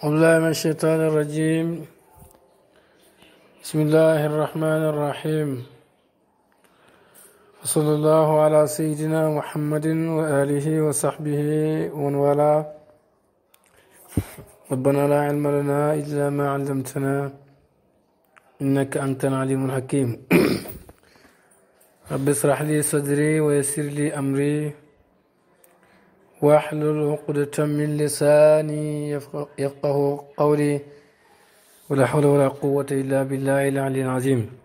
الله من الشيطان الرجيم بسم الله الرحمن الرحيم وصلى الله على سيدنا محمد وآله وصحبه ومن والاه ربنا لا علم لنا إلا ما علمتنا إنك أنت العليم الحكيم رب اشرح لي صدري ويسر لي أمري واحلل عقدة من لساني يفقه قولي ولا حول ولا قوة إلا بالله العلي العظيم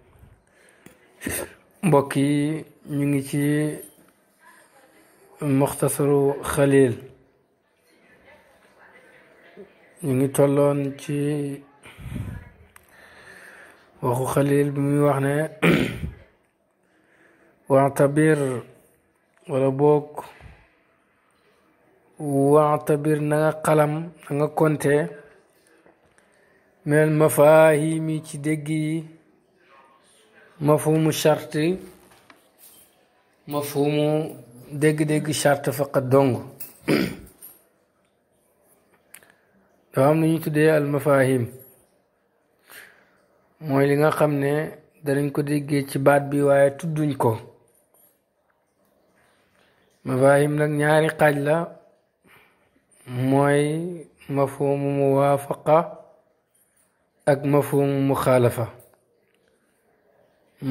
بكي نيجي مختصر خليل نيجي تولون تي waxu خليل بمي muy واعتبر ولا بوك waxtabir na nga xalam na nga konte minel mafahimi ci dégg yi mafhumu charte mafhumu dégg-dégg faqat dong dafa am na ñu tuddee al mafahim mooy li nga xam ne danañ ko déggee ci baat bi waaye tudduñ ko mafahim nag ñaari xaaj mooy mafhumu muwaafaqa ak mafhumu muxaalafa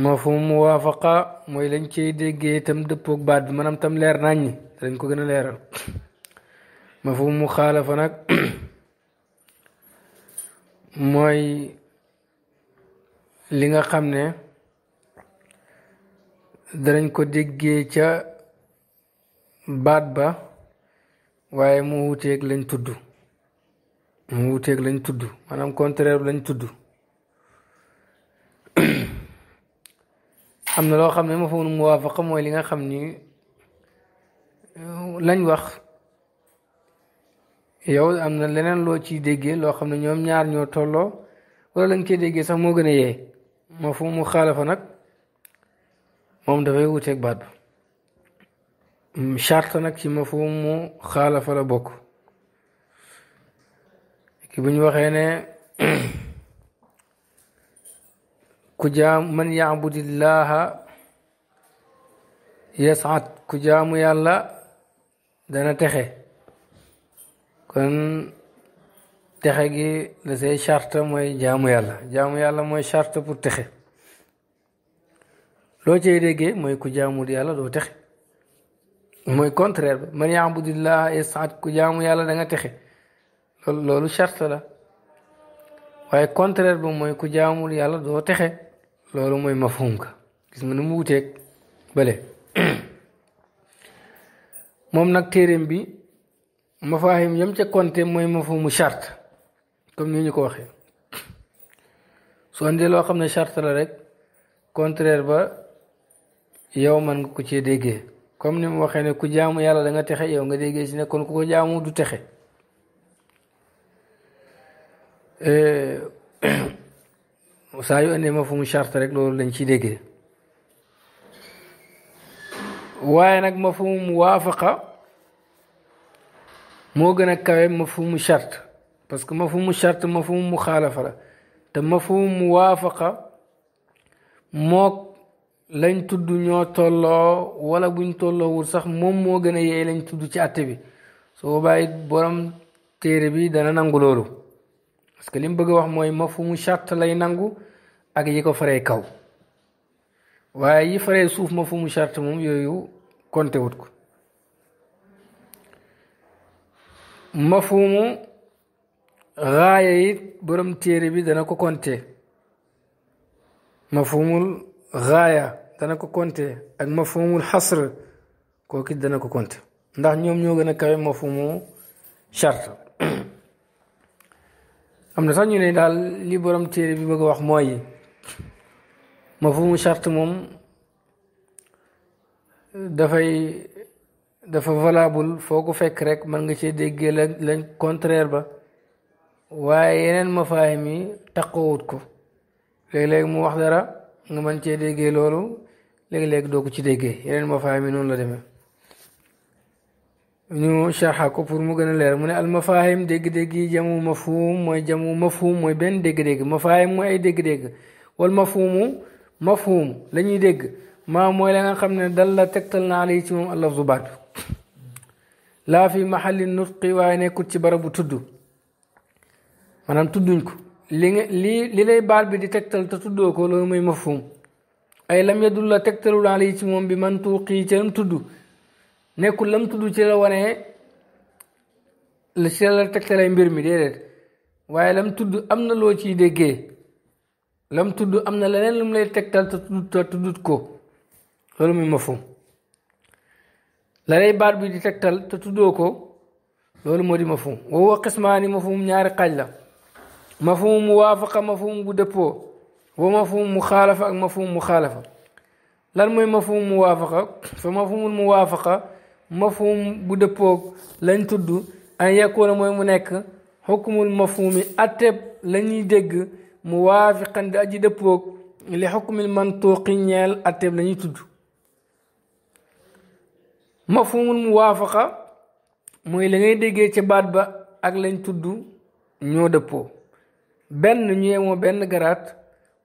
mafhumu muwaafaqa mooy lañ cey déggee tam dëppoog baat bi maanaam tam leer naññi dañ ko gën a leeral mafhumu muxaalafa nag mooy li nga xam ne danañ ko déggee ca baat ba waaye mu wuuteeg lañ tudd mu wuuteeg lañ tudd maanaam contraire lañ tudd am na loo xam ne ma fa mun muwaafaqa mooy li nga xam ni euh, lañ wax yow am na leneen loo ci déggee loo xam ne ñoom ñaar ñoo tolloo wala lañ cee déggee sax moo gën a yee ma fu mu xaalafa nag moom dafay wuuteeg baat charte nag ci mafhum mu xaalafa la bokk ki bu ñu waxee ne ku jaam man yaabudillaha yasaat ku jaamu yàlla dana texe kon texe gi la say mooy jaamu yàlla jaamu yàlla mooy charte pour texe loo cay déggee mooy ku di yàlla doo texe mooy contraire ba man yaabudillah yasaat ku jaamu yàlla da nga texe loolu loolu charte la waaye contraire ba mooy ku jaamul yàlla doo texe loolu mooy mafhum ka gis nga nu mu wuteeg moom nag téeréem bi mafaahim yam ca compté mooy mafhumu charte comme ni ñu ko waxe soo indee loo xam ne charte la rek contrair ba yow man nga ko cee déggee comme ni mu waxee ne ku jaamu yàlla da nga texe yow nga déggee si ne kon ku ko jaamu du texe saa yu andee ma fu mu charte rek loolu lañ ciy déggee waaye nag ma fu mu waafaqa moo gën a kawe ma fu mu charte parce que ma fu mu charte ma fu mu xaalafa la te ma fu mu waafaqa mook lañ tudd ñoo tolloo wala buñ tolloowul sax moom moo gën a yey lañ tudd ci àtte bi su boobaa borom téere bi dana nangu loolu parce que li bëgg a wax mooy ma fu mu charte lay nangu ak yi ko faree kaw waaye i faree suuf ma fu mu charte moom yooyu konte wut ko ma fu borom téere bi dana ko konte mafhumul غايه دانك كنت اك مفهوم الحصر كو كي دانك كنت نده نيوم نيو كاي مفهوم شرط امنا تاني ني دال لي بروم تيري بي بغا واخ موي مفهوم شرط موم دا فاي دا فا فالابل فوكو فيك ريك مانغا سي ديغي لان كونترير با waaye yeneen mafaahim yi taqawut ko leeg nga mën cee déggee loolu léegi-léegi doo ci déggee yeneen mafaahim yi noonu la demee ñu sharxa ko pour mu gën a leer mu ne al mafaahim dégg-dégg yi jamu mafhum mooy jamu mafhum mooy benn dégg-dégg mafaahim mooy ay dégg-dégg wal mafhumu mafhum dégg ma mooy la nga xam ne dal la tegtal naa lay ci moom allaf du baat laa fi maxalli nutqi waaye nekkut ci barabu tudd maanaam tudduñ ko li nga li lay baat bi di tegtal ta tuddoo ko loolu mooy mafhum ay lam yadul la tegtalul ali ci moom bi man tuuqii ci lam tudd nekkul lam tudd ci la wanee la ci la ay mbir mi déedéet waaye lam tudd am na loo ciy déggee lam tudd am na leneen lu mu lay tegtal te tudd ko loolu muy mafhum la lay baat bi di tegtal te tuddoo ko loolu moo di mafhum wa huwa qismaani mafhum ñaari xaaj la mafhum muwaafaqa mafhum bu dëppoo wa mafhum mu xaalafa ak mafhum mu xaalafa lan mooy mafhum muwaafaqa fa mafhumul muwaafaqa mafhum bu dëppoo lañ tudd an yakuna mooy mu nekk xukmul mafhumi atteb la ñuy dégg muwaafiqan di aji dëppoog li xukmil mantuuqi ñeel atteb la ñuy tudd mafhumul muwaafaqa mooy la ngay déggee ca baat ba ak lañ tudd ñoo dëppoo benn ñu yemoo benn garaat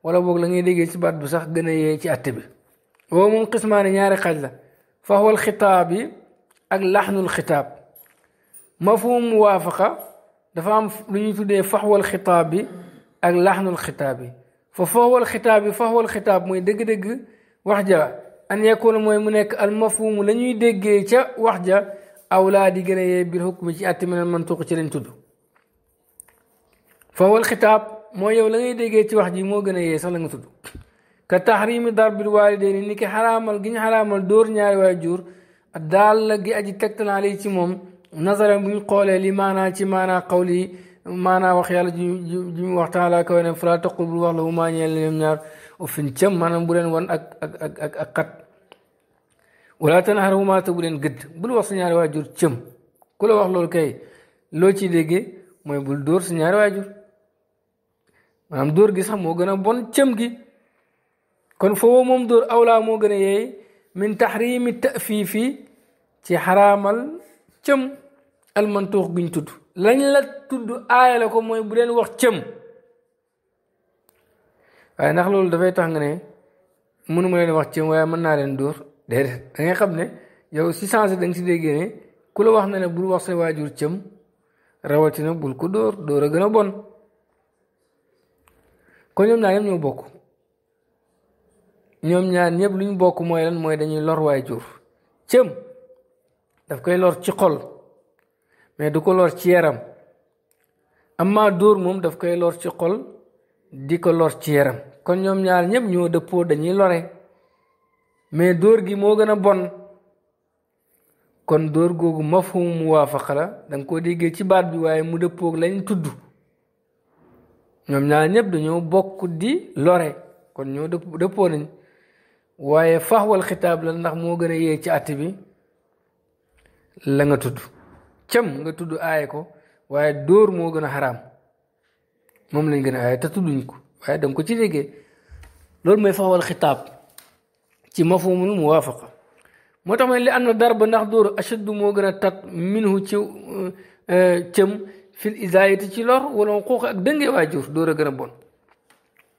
wala boog la ngay déggee ci baat bu sax gën a yee ci àtte bi boobu moom xismaani ñaari xaaj la faxwal xitaab yi ak laxnul xitaab mafhum muwaafaqa dafa am lu ñuy tuddee faxwal xitaab bi ak laxnul xitaab yi fa faxwal xitaab yi faxwal mooy dëgg-dëgg wax ja an yakuna mooy mu nekk al mafhumu la ñuy déggee ca wax ja awlaa di gën a yee bil hukmi ci àtte minal mantuq ci lañ tudd fawal xitaab mooy yow la ngay ci wax ji moo gën a yee sax la nga tudd ka taxrimi darbil waalidayni ni ki xaraamal gi ñu xaraamal dóor ñaari waajur daal la gi aji tegtalaal yi ci moom nazaran bu ñu xoolee maanaa ci maanaa xawli yi maanaa wax yàlla ju mu wax taala kawe ne fala taqul wax la wu maa ñeel ñoom ñaar maanaam bu leen wan ak ak ak ak xat wala bu leen wax sa ñaari waajur cëm ku la wax lool kay loo ciy déggee mooy bul dóor sa ñaari waajur maanaam dóor gi sax moo gën a bon cëm gi kon foofu moom dóor awla moo gën a yeey min taxrimi tafiifi ci xaraamal cëm almantuux guñ tudd lañ la tudd aaya la ko mooy bu leen wax cëm waaye ndax loolu dafay tax nga ne mënuma leen wax cëm waaye mën naa leen dóor déedéet da ngay xam ne yow si sensé dang si déggee ne ku la wax na ne bul wax sa waajur cëm rawatina bul ku dóor dóor a gën a bon kon ñoom ñaar ñëpp ñoo bokk ñoom ñaar ñëpp lu bokk mooy mooy dañuy lor waay jur cëm daf koy lor ci xol mais du ko lor ci yaram amma dóor moom daf koy lor ci xol di ko lor ci yaram kon ñoom ñaar ñëpp ñoo dëppoo dañuy lore mais dóor gi moo gën a bon kon dóor googu mafhum muwaafaqa la da nga koo déggee ci baat bi waaye mu dëppoog lañ tudd ñoom ñaar ñëpp dañoo bokk di lore kon ñoo dëpp dëppoo nañ waaye faxwal xitaab la ndax moo gën a yee ci àtti bi la nga tudd cam nga tudd aaye ko waaye dóor moo gën a xaraam moom lañ gën a aaye te tudduñ ko waaye danga ko ci déggee loolu mooy faxwal xitaab ci mafhumul muwaafaqa moo tax ma li am na darba ndax dóor ashaddu moo gën a tat minhu ci cëm fil isaayati ci lor wala xuux ak dëngee waajur dóor a gën a bon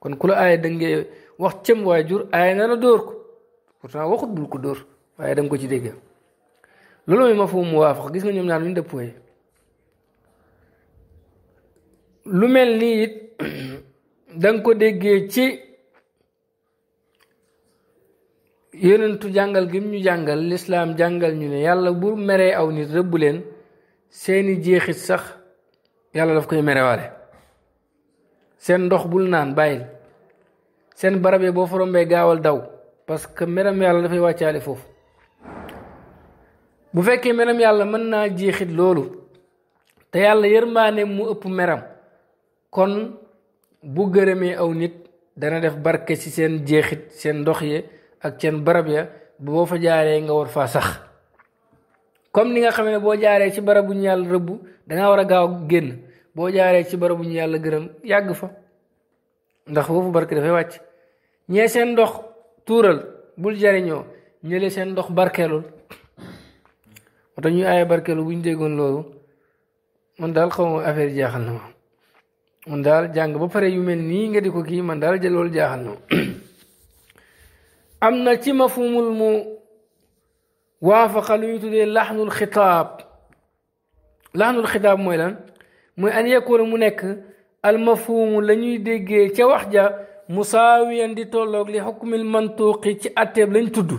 kon ku la aaya dëngee wax cëm waajur aaya na dóor ko pourtant waxut bul ko dóor waaye dang ko ci dégg loolu mooy ma fu waafax gis nga ñoom ñaar lu ñu lu mel ni it da ko déggee ci yonentu jàngal gim ñu jàngal lislaam jàngal ñu ne yàlla bu meree aw nit rëbb leen seeni jeexit sax yàlla daf koy merewaale seen ndox bul naan bàyyil seen barab ya boo forombee gaawal daw parce que meram yàlla dafay wàccaale foofu bu fekkee meram yàlla mën naa jeexit loolu te yàlla yërmaane mu ëpp meram kon bu gërëmee aw nit dana def barke ci seen jeexit seen ndox yi ak seen barab ya boo fa jaaree nga war faa sax comme ni nga xamee ne boo jaaree ci barabu bu ñu yàlla rëbb dangaa war a gaaw génn boo jaaree ci barabu bu ñu yàlla gërëm yàgg fa ndax foofu barke dafay wàcc ñee seen ndox tuural bul jariñoo ñële seen ndox barkeelul moo tax ñuy aaye barkeelu bu ñu déggoon loolu man daal xaw ma affaire jaaxal na ma man daal jàng ba pare yu mel nii nga di ko kii man daal jël loolu jaaxal na ma am na ci mafumul mu waafaqa lu ñu tuddee laxnul xitaab laxnul xitaab mooy lan mooy an yakuna mu nekk almafhumu la ñuy déggee ca wax ja musaawiyan di tolloog li xukmil mantuuqi ci atteeb lañ tudd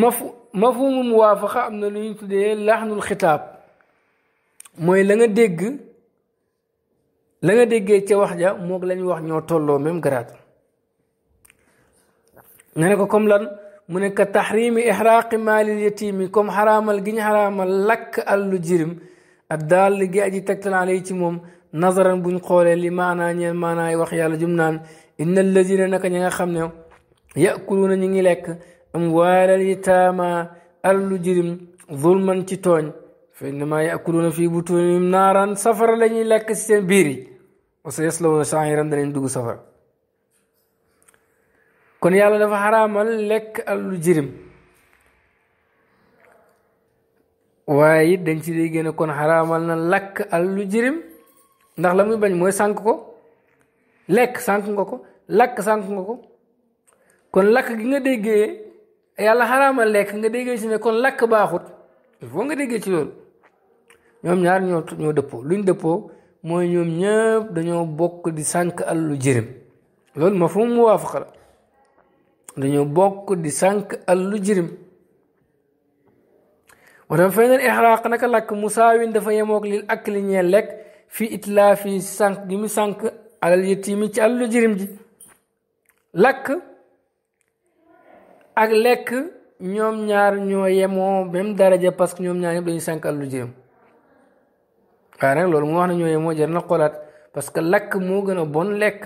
maf mafhumu muwaafaqa am na lu ñu tuddee laxnul xitaab mooy la nga dégg la nga déggee ca wax ja moog la ñu wax ñoo tolloo même garaat nga ne ko comme lan mu ne ka taxrimi ixraaqi maalil yatimi comme xaraamal gi ñu xaraamal lakk àllu jirim ak daal gi aji tegtalaale yi ci moom nazaran buñ xoolee li maanaa ñeen maanaay wax yàlla jum naan inna alladina naka ñi nga xam ne yakuluuna ñu ngi lekk am waalal yitaama àllu jirim zulman ci tooñ fa innama yakuluuna fii butunihim naaran safara la ñuy lekk si seen biir yi wa sa yaslawna sairan danañ dugg safara kon yàlla dafa xaraamal lekk alalu jirim waaye it dañ ci dee génne kon xaraamal na lakk alalu jirim ndax la muy bañ mooy sànq ko lekk sànq nga ko lakk sànq nga ko kon lakk gi nga déggee yàlla xaraamal lekk nga déggee ci ne kon lakk baaxut il faut nga déggee ci loolu ñoom ñaar ñoo ñoo dëppoo luñ dëppoo mooy ñoom ñëpp dañoo bokk di sànq alalu jirim loolu ma fu mu waafaqa la dañoo bokk di sànq allu jirim watan fay neen ixraaq naka lakk musaawin dafa yemoog lil akli ñeel lekk fii itlaafi sànq gi mu sànq alal yatiimi ci allu jirim lakk ak lekk ñoom ñaar ñoo yemoo même daraja parce que ñoom ñaar ñëpp dañuy sànq allu jirim waaye parce que lakk moo gën a bon lekk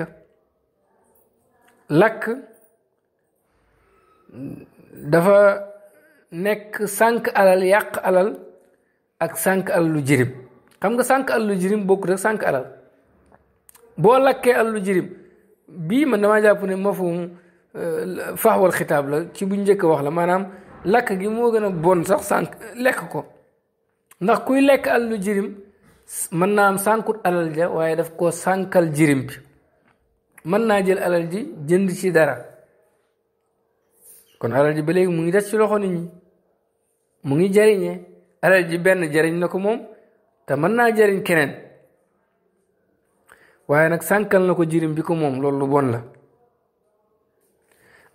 lakk dafa nekk sànq alal yàq alal ak sànq alalu jirim xam nga sànq alalu jirim bokkut ak sànq alal boo lakkee alalu jirim bii man damaa jàpp ne mafhum euh, faxwal xitaab la ci bu njëkk wax la maanaam lakk gi moo gën a bon sax sànq lekk ko ndax kuy lekk alalu jirim mën naa am sànkut alal ja waaye daf koo sànkal jirim bi mën naa jël alal ji jënd ci dara kon alal ji ba léegi mu ngi des ci loxo nit ñi mu ngi jariñe alal ji benn jariñ na ko moom te mën naa jariñ keneen waaye nag sànkal na ko jirim bi ko moom loolu lu bon la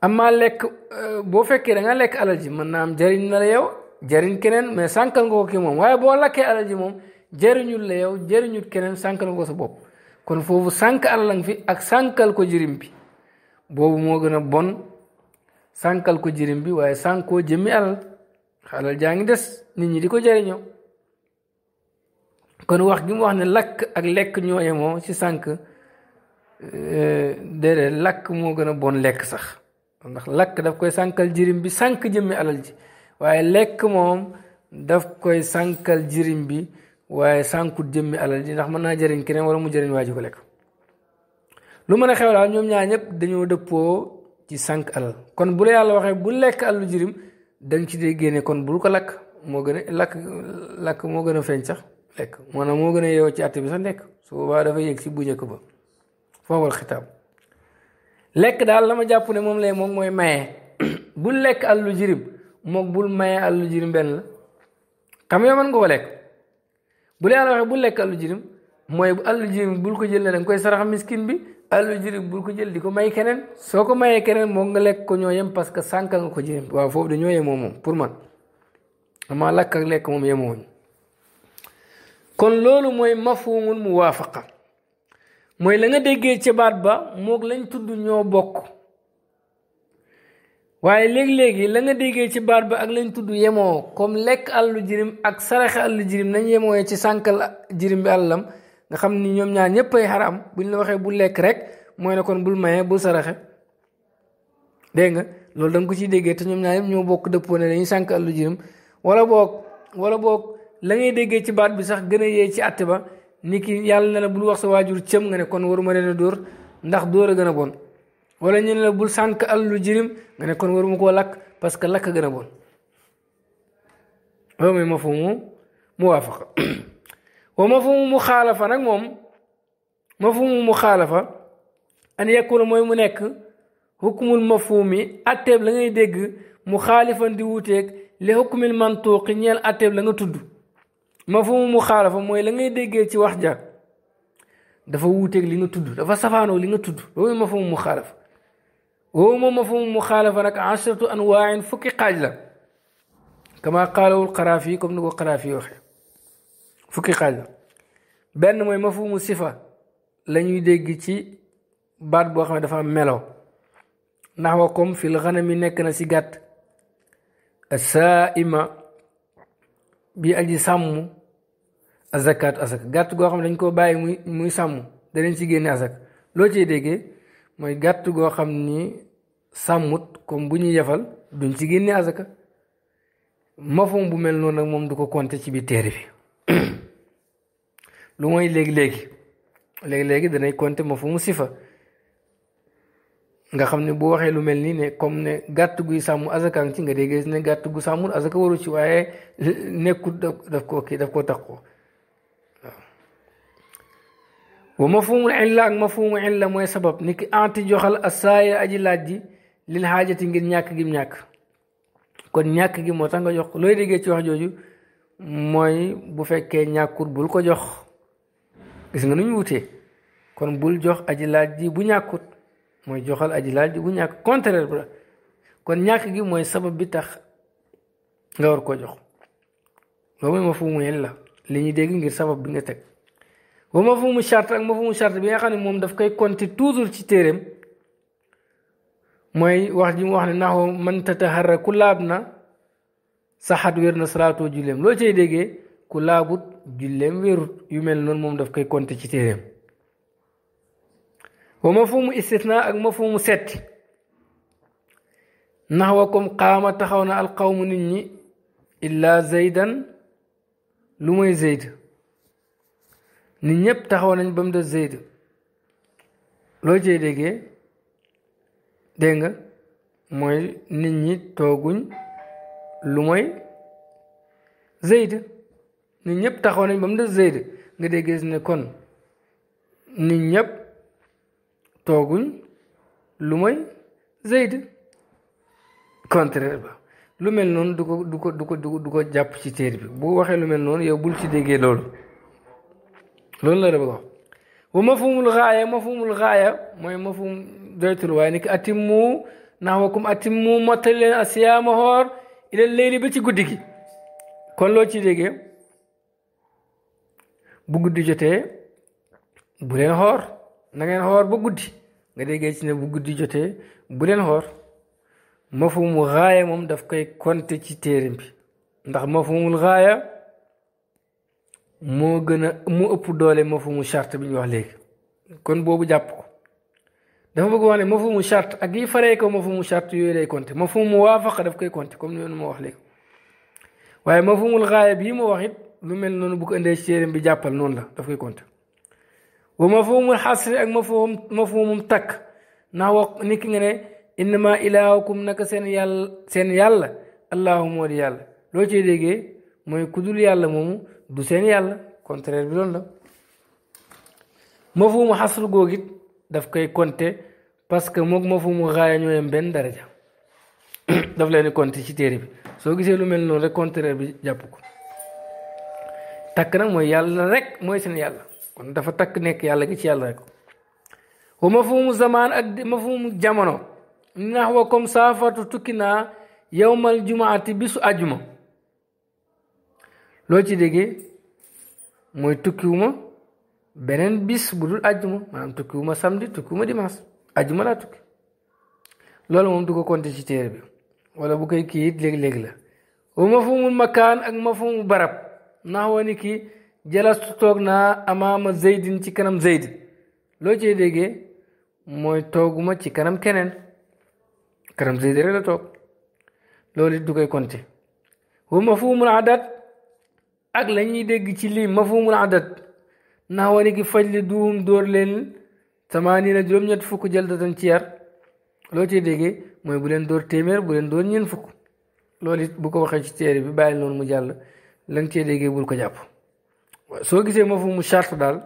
amma lek euh, boo fekkee da nga lekk alal ji mën naa am jariñ na la yow jariñ keneen mais sànkal nga ko ki moom waaye boo lakkee alal ji moom jariñul la yow jariñul keneen sànkal nga ko sa bopp kon foofu sànk alal nga fi ak sànkal ko jirim bi boobu moo gën a bon sànkal ko jirim bi waaye sànkoo jëmmi alal xalal jaa ngi des nit ñi di ko jariñoo kon wax gi mu wax ne lakk ak lekk ñoo yemoo ci sànk euh, déedéet lakk moo gën a bon lekk sax ndax lakk daf koy sànkal jirim bi sànk jëmmi alal ji waaye lekk moom daf koy sankal jirim bi waaye sànkut jëmmi alal ji ndax mën naa jëriñ keneen wala mu jëriñ waa ji ko lekk lu mën a xew daal ñoom ñaar ñëpp dañoo dëppoo ci sànq alal kon bu la yàlla waxee bu lekk alalu jirim dañ ci dee génne kon bul ko lakk moo gën a lakk lakk moo gën a feeñ sax lekk maanaam moo gën a yeewoo ci àtte bi sax dafa yëg si bu njëkk ba foofal xitaab daal la jàpp ne moom lay moom mooy maye bul lekk alalu jirim moom bul maye alalu jirim benn la xam nga mën nga ko lekk bu la yàlla waxee bul lekk alalu jirim bu alalu jirim bul ko jël da nga koy sarax miskin bi. àllu jërim bul ko jël di ko may keneen soo ko mayee keneen moo nga lekk ko ñoo yem parce que sànqal nga ko jërim waaw foofu dañoo yemoo moom pour man amaa lakk ak lekk moom yemoowuñ kon loolu mooy mafhumul muwaafaqa mooy la nga déggee ca baat ba moog lañ tudd ñoo bokk waaye léegi-léegi la nga déggee ci baat ba ak lañ tudd yemoo comme lekk àllu jërim ak saraxe àllu jërim nañ yemoo ci sànqal jërim bi àllam nga xam ni ñoom ñaar ñëpp ay bu ñu la waxee bul lekk rek mooy ne kon bul maye bul saraxe dégg nga loolu da nga ko ciy déggee te ñoom ñaar ñëpp ñoo bokk dëppoo ne dañuy sànq àllu jirim wala boog wala boog la déggee ci baat bi sax gën a yee ci àtte ba ni ki yàlla ne la bul wax sa waajur cëm nga ne kon waruma leen a dóor ndax dóor a gën a bon wala ñu bul sànq àllu jirim nga ne kon waruma koo lakk parce que lakk gën a bon loolu mooy ma foomu muwaafaqa وما مخالفة نعم ما مخالفة أن يكون ما يمنك حكم المفهوم أتب لنا يدق مخالفا ديوتك لحكم المنطوق نيال أتب لنا تد مفهوم مخالفة ما لنا يدق تي واحدة دفا ووتك لنا تد دفا صفانو لنا تد هو مفهوم مخالف هو مفهوم مخالفة نك عشرة أنواع فك قاجلة كما قالوا القرافي كم نقول القرافي وحيو fukki xaaj la benn mooy mafhumu sifa la ñuy dégg ci baat boo xam ne dafa am melo ndax wa comme fil xanami nekk na ci gàtt sa ima bi aji sàmm azakaat azak gàtt goo xam ne dañ koo bàyyi muy muy sàmm danañ ci génne azak loo ciy déggee mooy gàtt goo xam ni sàmmut bu ñuy yefal duñ ci génne azaka mafum bu mel noonu nag moom du ko compter ci biir téere bi lu mooy léegi-léegi léegi-léegi danay compter mafhumu sifa nga xam ne boo waxee lu mel nii ne comme ne gàtt guy sàmm azaka ngi ci nga dégg ne gàtt gu sàmmul azaka waru ci waaye nekkul daf koo kii daf koo tax ko waaw. mafhumul illa ak mafhumul illa mooy sabab ni ki anti joxal asaaya aji laaj ji lil xaajati ngir ñàkk gi ñàkk kon ñàkk gi moo tax nga jox looy déggee ci wax jooju. mooy bu fekkee ñàkkut bul ko jox gis nga nu ñu wutee kon bul jox aji laaj ji bu ñàkkut mooy joxal aji laaj ji bu ñàkk contraire bi kon ñàkk gi mooy sabab bi tax nga war ko jox loolu mooy mafhumu illa li ñu dégg ngir sabab bi nga teg ba mafhumu charte ak mafhumu charte bi nga xam ne moom daf koy compter toujours ci téeréem mooy wax ji mu wax ne naxu man tataharraku laab na saxat wér na salaatoo julleem loo cay déggee ku laabut julleem wérut yu mel noonu moom daf koy compter ci téeréem wa mafhumu istithna ak ma mafhumu setti naxwa kom qaama taxaw na alqawmu nit ñi illa zaydan lu may zayda. nit ñépp taxaw nañ ba mu def zayd loo cay déggee dégg nga mooy nit ñi tooguñ lu mooy zeyd nit ñëpp taxaw nañ ba mu des zeyd nga dee gis ne kon nit ñëpp tooguñ lu mooy zeyd contraire ba lu mel noonu du ko du ko du ko du ko jàpp ci téer bi bu waxee lu mel noonu yow bul ci déggee loolu loolu la da bëgg wax wa mafhumul xaaya mafhumul xaaya mooy mafhum doytul waaye ni ki atimmu naxwakum atimmu mottali leen asiyaama xoor ilal léegi ba ci guddi gi kon loo ci déggee bu guddi jotee bu leen xoor na ngeen xoor ba guddi nga déggee ci ne bu guddi jotee bu leen xoor mafhumul xaaya moom daf koy konte ci téerim bi ndax mafhumul xaaya moo gën a mu ëpp doole mafhumul charte bi ñu wax léegi kon boobu jàpp dafa bëgg wax ne mafhumu charte ak yi faree ko mafhumu charte yooyu lay compté mafhumu waafaqa daf koy compté comme noonu ma wax léegi waaye mafhumul gaaya bii ma wax it lu mel noonu bu ko indee ci téeréem bi jàppal noonu la daf koy compté wa mafhumul xasri ak mafhum mafhumum takk ndax wax nit ki nga ne innama ilaahukum naka seen yàlla seen yàlla allahu moo di yàlla loo cee déggee mooy kudul yàlla moomu du seen yàlla contraire bi loolu la mafhumu xasru googit daf koy compter parce que mook mafhuumul gaaya ñoo yem benn daraja daf leen di compter ci téere bi soo gisee lu mel noonu rek contraire bi jàpp ko takk nag mooy yàlla rek mooy seen yàlla kon dafa takk nekk yàlla gi ci yàlla rek wa mafhuumu zamaan ak mafhuumu jamono nax wa comme saafatu tukki naa yowmal jumaati bisu àjjuma loo ci déggee mooy tukkiwuma beneen bis bu dul ajjuma maanaam tukkiwuma samedi ma dimanche ajjuma laa tukki loolu moom du ko ci téere bi wala bu koy kii it léeg-léeg la wa mafhumul makaan ak mafhumu barab ndax woni kii jalastu toog na ama amaama zeydin ci kanam zeydin loo ci déggee mooy tooguma ci kanam keneen kanam zeydin rek la toog loolu it du koy compter adat ak la ñuy dégg ci lii mafhumul adat naxwani gi faj li duum dóor leen samaaniina juróom-ñett fukk jël datan ci yar loo ciy déggee mooy bu leen door téeméer bu leen dóor ñeen fukk loolu it bu ko waxee ci téere bi bàyyi noonu mu jàll la nga cee déggee bul ko jàpp soo gisee mafhumu charte daal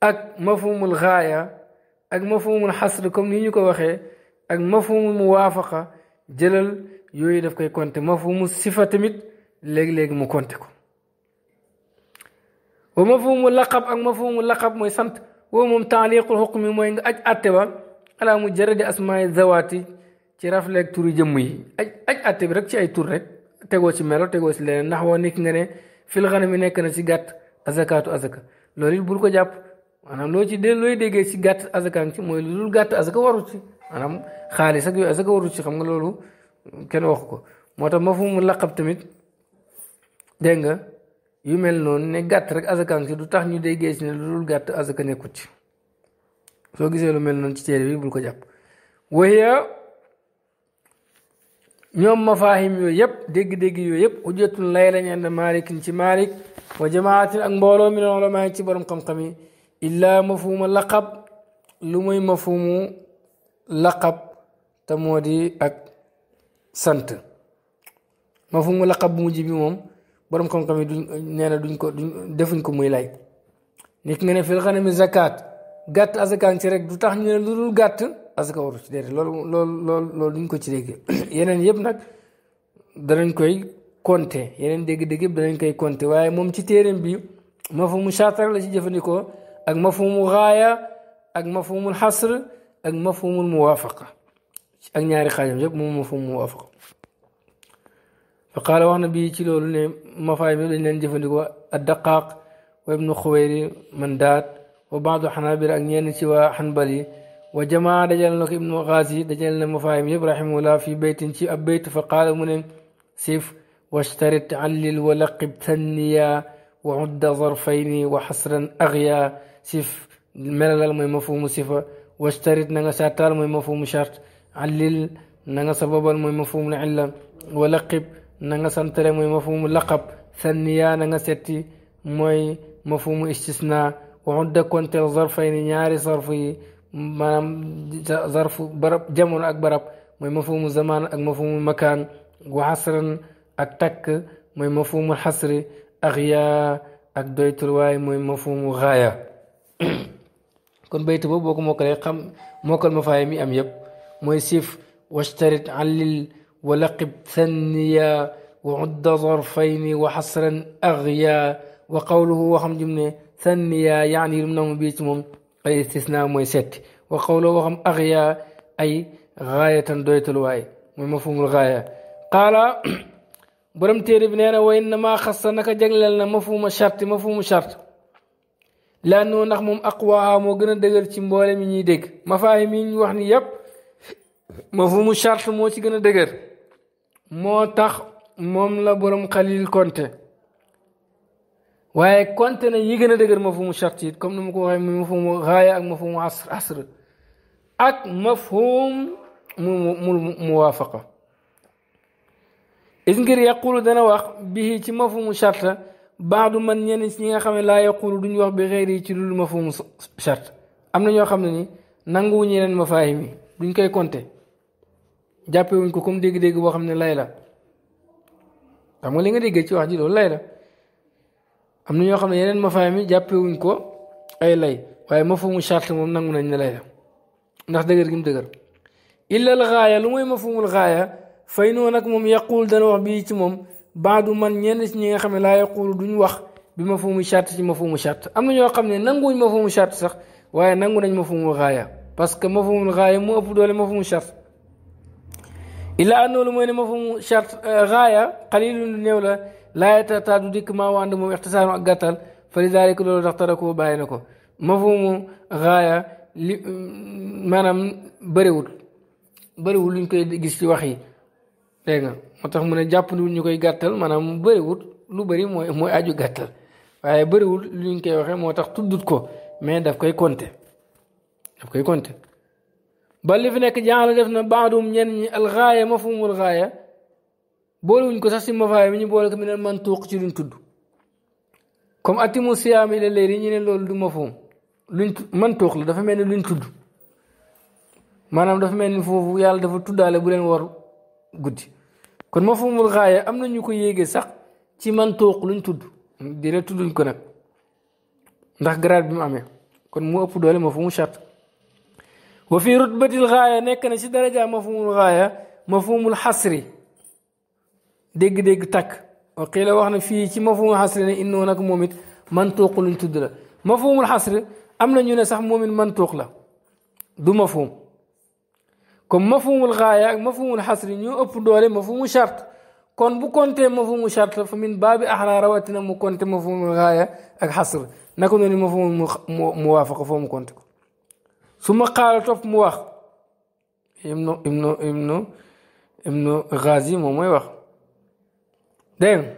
ak mafhumul xaaya ak mafhumul xasr comme ni ñu ko waxee ak mafhumul muwaafaqa jëlal yooyu daf koy compter mafhumu sifa tamit léegi-léegi mu compter ko wa mafhumu laqab ak mafhumu laqab mooy sant woo moom taaliqul xukmi mooy nga aj atte ba alaa mujarradi asmaai zawaati ci rafleeg turi jëmm yi aj aj atte bi rek ci ay tur rek tegoo ci melo tegoo ci leneen ndax woo nekk nga ne fil xana mi nekk na ci gàtt azakaatu azaka loolu it bul ko jàpp maanaam loo ci dé looy déggee ci gàtt azaka ngi mooy lu dul gàtt azaka waru ci maanaam xaalis ak yooyu azaka waru ci xam nga loolu kenn wax ko moo tax ma fu mu laqab nga yu mel noonu ne gàtt rek azakaan si du tax ñu déggee si ne lu dul gàtt azaka nekkut ci soo gisee lu mel noonu ci téere bi bul ko jàpp waxiya ñoom mafaahim yooyu yëpp dégg-dégg yooyu yëpp hujjatun lay lañ ànd maalikin ci maalik wa jamaatin ak mbooloo mi noonu maa ngi ci borom xam-xam yi illaa mafhuma laqab lu muy mafhumu laqab te moo di ak sant mafhumu laqab bu mujj moom borom xam-xam yi duñ nee duñ ko duñ defuñ ko muy lay nit nga ne fil xanami zakat gàtt azaka ci rek du tax ñu ne lu dul gàtt azaka waru ci déedéet loolu loolu loolu loolu duñ ko ci dégg yeneen yëpp nag danañ koy compter yeneen dégg-dégg yëpp danañ koy compter waaye moom ci téeréem bi mafhumu shart la ci jëfandikoo ak mafhumu gaaya ak mafhumul xasr ak mafhumul muwafaqa ak ñaari xaajam yëpp moom mafhumul muwafaqa فقال وانا بي تي لولو ني مفاهيم دنج لن جفنديكو الدقاق وابن خويري من دات وبعض حنابل اك نين سي حنبلي وجماعة دجال نك ابن غازي دجال مفاهيم ابراهيم ولا في بيت تي اب بيت فقال من سيف واشترت علل ولقب ثنيا وعد ظرفين وحصرا اغيا سيف ملل مفهوم صفه واشترط نغا ساتال مفهوم شرط علل نغا سببا مفهوم العله ولقب na nga santale mooy mafhumu laqab thaniya na nga setti moy mafhumu istisna waxudda konteel zarfayni ñaari sarfu yi manam zarfu barab jamono ak barab moy mafhumu zaman ak mafhumu makan wa hasran ak tak moy mafhumu xasri aghya ak doytul way moy mafhumu ghaya kon baytu boobu boko mokale xam mokal ma am yeb moy sif washtarit allil ولقب ثنيا وعد ظرفين وحصرا أغيا وقوله وهم جملة ثنيا يعني لمنهم بيتهم أي استثناء ميسك وقوله وهم أغيا أي غاية دويت الواي من مفهوم الغاية قال برم تيري بنينا وإنما خصناك جغللنا مفهوم الشرط مفهوم الشرط لأنه نخمم أقوى مو gën a من ci مفاهمين yi يب مفهوم الشرط yi ñu wax moo tax moom la borom xalil konte waaye konte na yi gën a dëgër mafhumu charte comme ni ma ko waxee muy mafhumu xaaya ak mafhumu asr asr ak mafhum mu mu muwaafaqa is ngir yaqulu dana wax bii ci chart charte baadu man ñenn ñi nga xam ne laa yaqulu duñu wax bi xëyri ci lul mafhumu charte am na ñoo xam ne ni nanguwuñu leen mafaahim yi duñ koy konte jàppee wuñ ko comme dégg-dégg boo xam ne lay la nga li nga déggee ci wax ji loolu lay la am na ñoo xam ne yeneen mafaam mi jàppee wuñ ko ay lay waaye mafhumu charte moom nangu nañ ne la ndax dëgër gi mu dëgër illa al gaaya lu mooy mafhumul gaaya fay noo nag moom yaqul dana wax bii ci moom baadu man ñenn ci ñi nga xam ne laa yaqulu duñ wax bi mafhumu charte ci mafhumu charte am na ñoo xam ne nanguwuñ mafhumu charte sax waaye nangu nañ mafhumul gaaya parce que mafhumul gaaya mu ëpp doole mafhumu charte الا انه لو موي نمفو شرط آه، غايه قليل نيولا لا يتعدد ديك ما واند مو اختصار غاتال فلذلك لو تختاركو باينكو مفهوم غايه مانام بريوت بريوت لو نكاي غيس في وخي ديغا موتاخ مون جاب نو نكاي غاتال مانام بريوت لو بري موي موي اديو غاتال واي بريوت لو نكاي وخي موتاخ تودوت كو مي داف كاي كونتي داف كاي كونتي ba li fi nekk jaxala def na baadum ñenn ñi alxaaya mafhumul xaaya boolewuñ ko sax si mafaaya mi ñu boole ko mi ne mantuuq ci luñ tudd comme atimu siyaam ila layli ñu ne loolu du mafhum luñ mantuuq la dafa mel ni luñ tudd maanaam dafa mel ni foofu yàlla dafa tuddaale bu leen war guddi kon mafhumul xaaya am na ñu ko yéegee sax ci mantuuq luñ tudd di la tudduñ ko nag ndax grade bi mu amee kon mu ëpp doole mafhumu charte وفي رتبة الغاية نكنا شي درجة مفهوم الغاية مفهوم الحصري دق دق تك وقيل وحنا في شي مفهوم حصري يعني إنه هناك مؤمن منطوق تقول مفهوم الحصري أمنا نيونا صح مؤمن منطوق له دو مفهوم كم مفهوم الغاية مفهوم الحصري نيو أب دولي مفهوم الشرط كون بو كونت مفهوم الشرط فمن باب أحرى رواتنا مو كونت مفهوم الغاية أك حصر نكون يعني مفهوم موافق فهم كونتكم ثم قال توف موخ امنو امنو امنو امنو غازي موموي واخ دين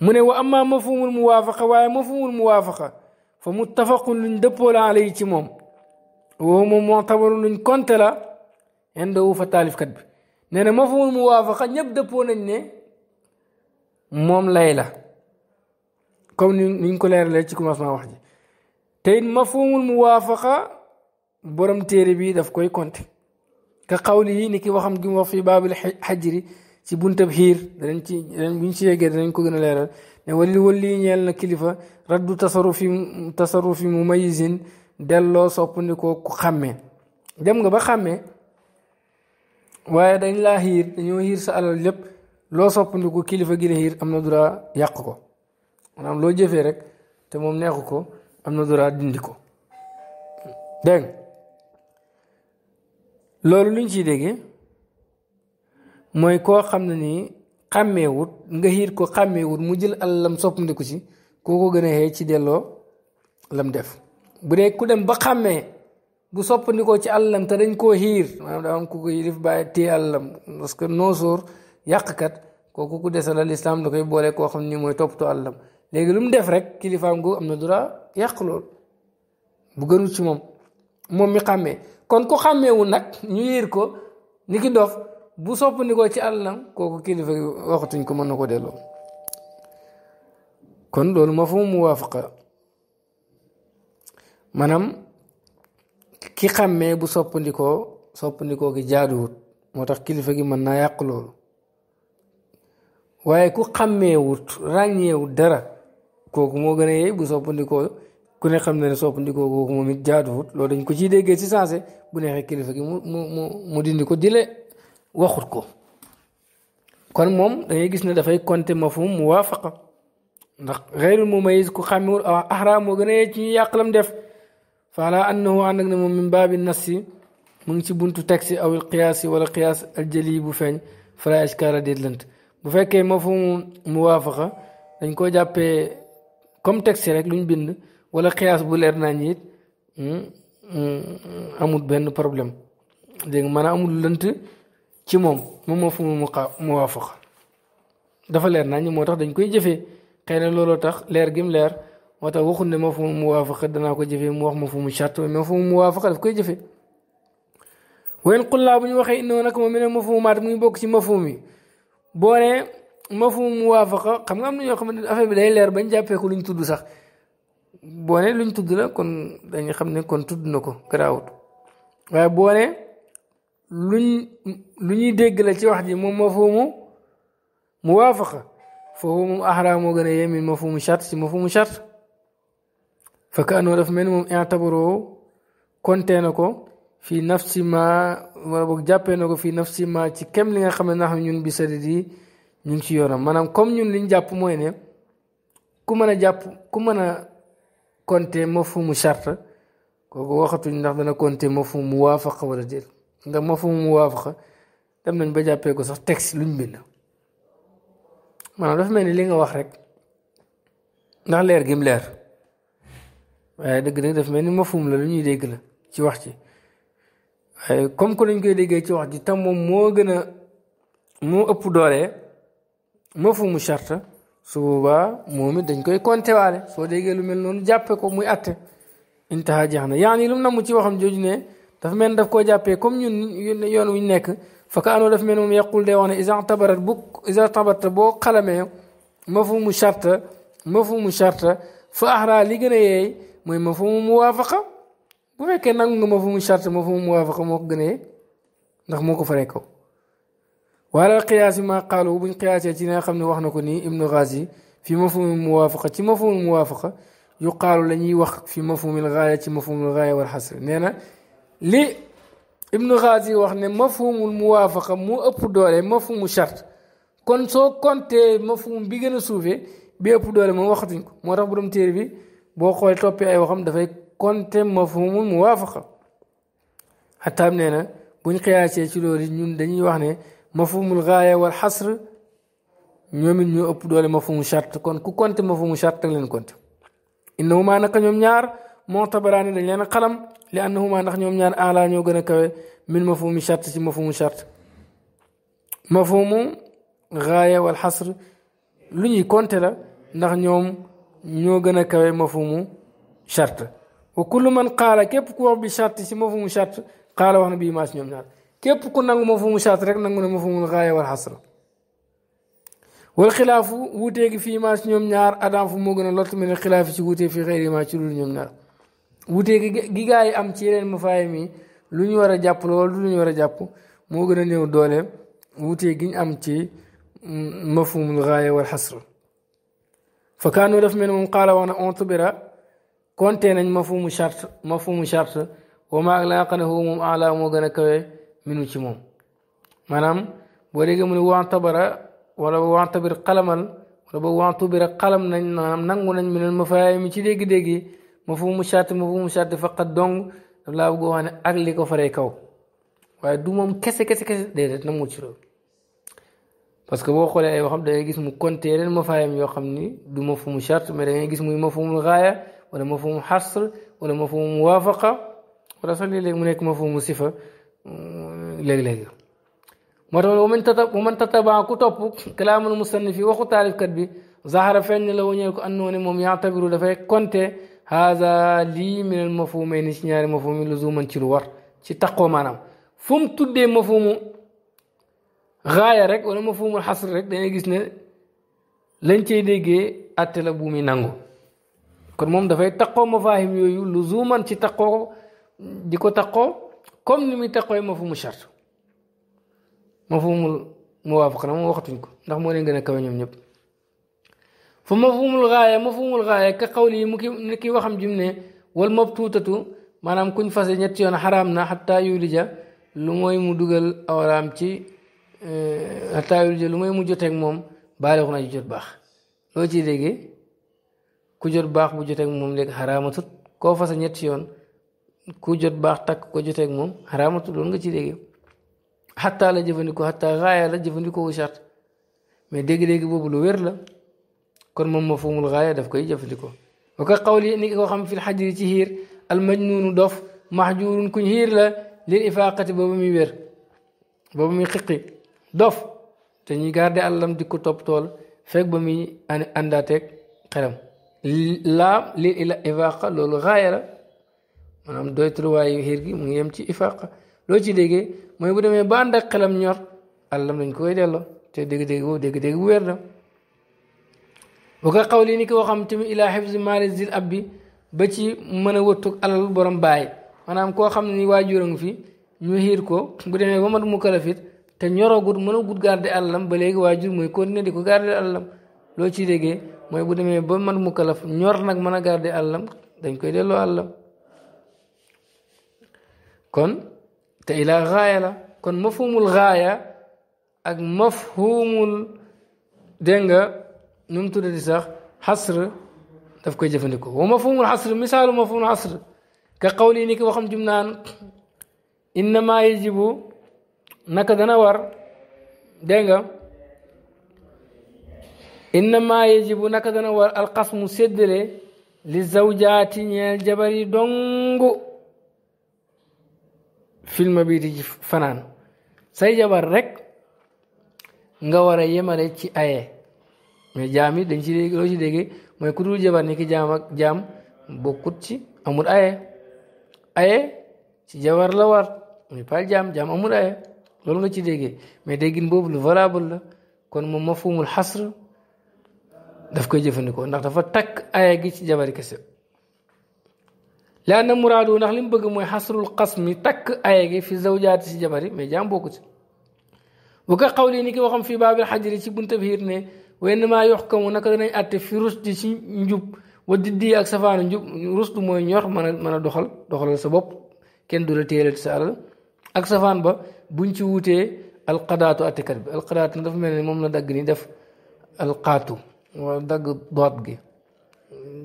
من واما مفهوم الموافقه واي مفهوم الموافقه فمتفق لندبول عليه تيموم وهو معتبر من كونتلا عنده فتالف كتب نانا مفهوم الموافقه نيب دبول ني موم ليلى كوم نين كولير لا تي كوماسما واخ تين مفهوم الموافقة برم تيري بي داف كوي كونت كقوله نكي وخم جم وفي باب الحجر سي بون تبهير دان بون سي يگر دان كو غن ولي ولي نيال نا كليفة رد تصرف تصرف مميز دلو سوبنيكو كو خامي دم با خامي waaye dañ laa xiir dañoo xiir sa alal lépp loo soppandiku kilifa gi na xiir am na dura yàq ko maanaam loo jëfee rek te moom am na dara dindi ko dégg loolu luñ ciy déggee mooy koo xam ne nii xàmmeewut nga xiir ko xàmmeewut mu jël alalam soppandiku ci koo ko gën a ci delloo lam def bu dee ku dem ba xàmmee bu soppandikoo ci alalam te dañ koo xiir maanaam daa am ku ko yilif bàyyi téye alalam parce que noosóor yàqkat kooku ku dese la lislaam da koy boole koo xam ni mooy toppatoo alalam léegi lu def rek kilifaam googu am na droit yàq loolu bu gënul ci moom moom mi xàmmee kon ku xàmmeewul nag ñu yéer ko ni ki dox bu soppandikoo ci àllam kooku kilifa gi waxatuñ ko mën na ko delloo kon loolu ma fa mu waafaqa maanaam ki xàmmee bu soppandikoo soppandikoo ki jaaduwut moo tax kilifa gi mën naa yàq loolu waaye ku xàmmeewut ràññeewut dara kooku moo gën a yey bu soppandikoo ku ne xam ne ne soppandikoo kooku moom it jaaduwut loolu dañ ko ciy déggee ci saase bu neexee kilifa gi mu mu mu dindi ko dile waxut ko kon moom da ngay gis ne dafay compter mafhum muwaafaqa ndax xeyrul mumayis ku xàmmewul aw ahraam moo gën a yey ci ñu yàq def fala annahu ànd ak ne moom min baabi nassi mu ngi ci buntu taxi aw il qiyaas wala qiyaas aljali bu feeñ fala iskaala déet lënt bu fekkee mafhum muwaafaqa dañ koo jàppee comme texte rek lu ñu bind wala xiyaas bu leer naa ñi it hmm, hmm, amul benn problème dégg nga maanaam amul lënt ci moom moom moo fu mu muwaafaq dafa leer naa moo tax dañ koy jëfee xëy na looloo tax leer gim leer moo tax waxul ma fu mu muwaafaqa danaa ko jëfee mu wax ma fu mu charte ma fu mu muwaafaqa daf koy jëfee wayen xullaa ñu waxee indoon ak moom mi ne mafhumaat muy bokk ci mafhum yi boo mafhum muwaafaqa xam nga am na ñoo xamante ne affaire bi day leer bañ jàppee ko luñ tudd sax boo ne luñ tudd la kon dañuy xam ne kon tudd na ko garaawut waaye boo ne luñ lu ñuy dégg la ci wax ji moom mafhumu muwaafaqa foofu moom ahra moo gën a yemin mafhumu chart ci mafhumu chart fa kaanoo daf mel moom intabaroo kontee na ko fii nafsi ma wala boog jàppee na ko fii nafsi ma ci kem li nga xam ne nax ñun bi sadidi ñu ngi ci yoonam maanaam comme ñun liñ jàpp mooy ne ku mën a jàpp ku mën a compter mafhumu charte kooku waxatuñ ndax dana compter mafhum mu waafaqa wala déet ndax mafhum mu waafaqa dem nañ ba jàppee ko sax texte luñ bind maanaam dafa mel ni li nga wax rek ndax leer gim leer waaye dëgg-dëgg dafa mel ni mafhum la lu ñuy dégg la ci wax ci waaye comme ko lañ koy déggee ci wax ji tam moom moo gën a moo ëpp doole mafhumu sharta su boobaa moom it dañ koy compter waale soo déggee lu mel noonu jàppe ko muy atte intaha jeex na yaa ni lu mu namm ci waxam jooju ne dafa mel daf koo jàppee comme ñun yoon wuñ nekk fa ka anoo daf mel moom yaqul day wax ne isa tabarat bu isa tabarta boo mu mafhumu mafu mu sharta fa ahra li gën a yeey mooy mafhumu muwaafaqa bu fekkee nangu nga mafhumu mu mafhumu muwaafaqa moo ko gën a yeey ndax moo ko faree kaw وعلى القياس ما قالوا من قياس جنا خمن وحنكني ابن غازي في مفهوم الموافقة في مفهوم الموافقة يقال لن يوخ في مفهوم الغاية في مفهوم الغاية والحصر نينا لي ابن غازي وخن مفهوم الموافقة مو أبو دولي مفهوم الشرط كون سو كون تي مفهوم بيغن سوفي بي أبو دولي من وقت مورا بروم تيري بي بو خوي توبي أي وخم دفاي كون تي مفهوم الموافقة حتى نينا بون قياسي تلوري نون دني وخنه mafhumul gaaya wal xasr ñoom it ñoo ëpp doole mafhumu charte kon ku konte mafhumu charte da leen konte innahuma naka ñoom ñaar mu'tabaraani dañ leen xalam li annahuma ndax ñoom ñaar ala ñoo gën a kawe min mafhumu charte ci mafhumu charte mafhumu gaaya wal xasr lu ñuy konte la ndax ñoom ñoo gën a kawe mafhumu charte wa kullu man qaala képp ku wax bi charte ci mafhumu charte qaala wax na bii maa si ñoom ñaar képp ku nangu ma fu mu saat rek nangu na ma fu mu xaaya wal xasra wal xilaafu wuutee gi fii maa ñaar adam fu moo gën a lott mi ne xilaaf ci wuutee fii xëyri maa ci lu ñoom ñaar wuutee gi yi am ci yeneen ma faay mi lu ñu war a jàpp loolu lu ñu war a jàpp moo gën a néew doole wuutee gi am ci mm, mafhumul gaaya wal xasr fa kaanu daf mel moom xaala wax na on tubira konte nañ mafhumu charte mafhumu charte wa maa ak la nga xam ne moom ala moo gën منو شمو منام بوليغا من وانتبر ولا وانتبر قلم ولا وانتبر قلم نانام نانغو نان من المفاهيم شي ديغي ديغي مفهوم شات مفهوم شات فقط دونغ لا بوغو وانا اك ليكو فري كاو واي دومم كسي كسي كسي ديت نامو تشرو باسكو بو خولي اي وخم داي غيس مو كونتيرن مفاهيم يو خامني دو مفهوم شات مي داي غيس مو مفهوم الغايه ولا مفهوم حصر ولا مفهوم موافقه ولا صلي لك مو نيك مفهوم صفه léegi-léegi moo tax waman tata waman tataba ku topp kalaamul musannifi waxu taarifkat bi zahara feeñ ne la wañeel ko annoo ne moom yaatabiru dafay konte haza lii min al mafhumay ni ci ñaari mafhumi luzuman ci lu war ci taqoo maanaam fu mu tuddee mafhumu gaaya rek wala mafhumul xasr rek dangay gis ne lañ cey déggee atte la bu muy nangu kon moom dafay taqoo mafahim yooyu luzuman ci taqoo di ko comme ni muy taqooy ma fu mu charte ma fu mu mu waafaq na moom waxatuñ ko ndax moo leen gën a kawe ñoom ñëpp fu ma fu mul xaaya ma fu mul xaaya ka xawli yi mu ki ni ki waxam jim ne wal mob tuutatu maanaam kuñ fase ñetti yoon xaraam na xataa ja lu mooy mu dugal awraam ci e, xataa yulija lu mooy mu joteeg moom baalixu na ji jot baax loo ciy déggee ku jot baax bu joteeg moom léegi xaraamatut koo fase ñetti yoon ku jot baax takk ko joteeg moom xaraamatu loolu nga ci dégg xattaa la jëfandikoo xattaa xaaya la jëfandikoo wu chart mais dégg-dégg boobu lu wér la kon moom mafhumul xaaya daf koy jëfandikoo wa ka qawli ni ko xam fil xajri ci xiir al majnuunu dof maxjuurun kuñ xiir la lil ifaqati boobu muy wér boobu muy xiqi dof te ñuy garde àllam di ko topp tool fekk ba muy àndaateeg xelam laa lil ifaqa loolu xaaya la maanaam doytaluwaayu xiir gi mu ngi yem ci ifaq loo ci déggee mooy bu demee ba ànd ak xelam ñor àllam lañ koy delloo te dégg-dégg boobu dégg-dégg bu wér la bu ko xawli ni ko xam tamit ilaa xifzi maali zil ab bi ba ci mën a wëttug alal borom baay maanaam koo xam ne ni waajuram fi ñu xiir ko bu demee ba mat mu kalafit te ñorogut mën a gut garde àllam ba léegi waajur mooy continuer di ko garde àllam loo ci déggee mooy bu demee ba mat mu kalaf ñor nag mën a garde àllam dañ koy delloo àllam كن تا الى غايه لا كن مفهوم الغايه اك مفهوم دنگا نم تودي صح حصر داف كوي جيفانديكو ومفهوم الحصر مثال مفهوم الحصر كقولي نيك وخم جمنان انما يجب نك دنور دنگا انما يجب نك دنور القسم سدلي للزوجات نيال جبري دونغو film bi di fanaan say jabar rek nga war a yemale ci aye mais jaam yi dañ ci dégg ci déggee mooy ku dul jabar ni ki jaam bokkut ci amul aye aye ci jabar la war mais pas jaam jaam aye loolu nga ci déggee mais déggin boobu lu valable la kon moom ma fuumul xasr daf koy jëfandikoo ndax dafa takk aye gi ci jabari kese laa na muraadu ndax li mu bëgg mooy xasrul xasmi takk aye gi fi zawjaati si jabar yi mais jaam bokku ci bu ko ni ki waxam fii baabil xajri ci bunta bi xiir ne wenn maa yox kamu naka danañ fi rusdi ci njub wa ak safaanu njub rusdu mooy ñor mën mën a doxal doxalal sa bopp kenn du la téelal sa ak safaan ba buñ ci wutee alqadaatu attekat bi alqadaatu dafa mel ne moom la dagg ni def alqaatu wala dagg doot gi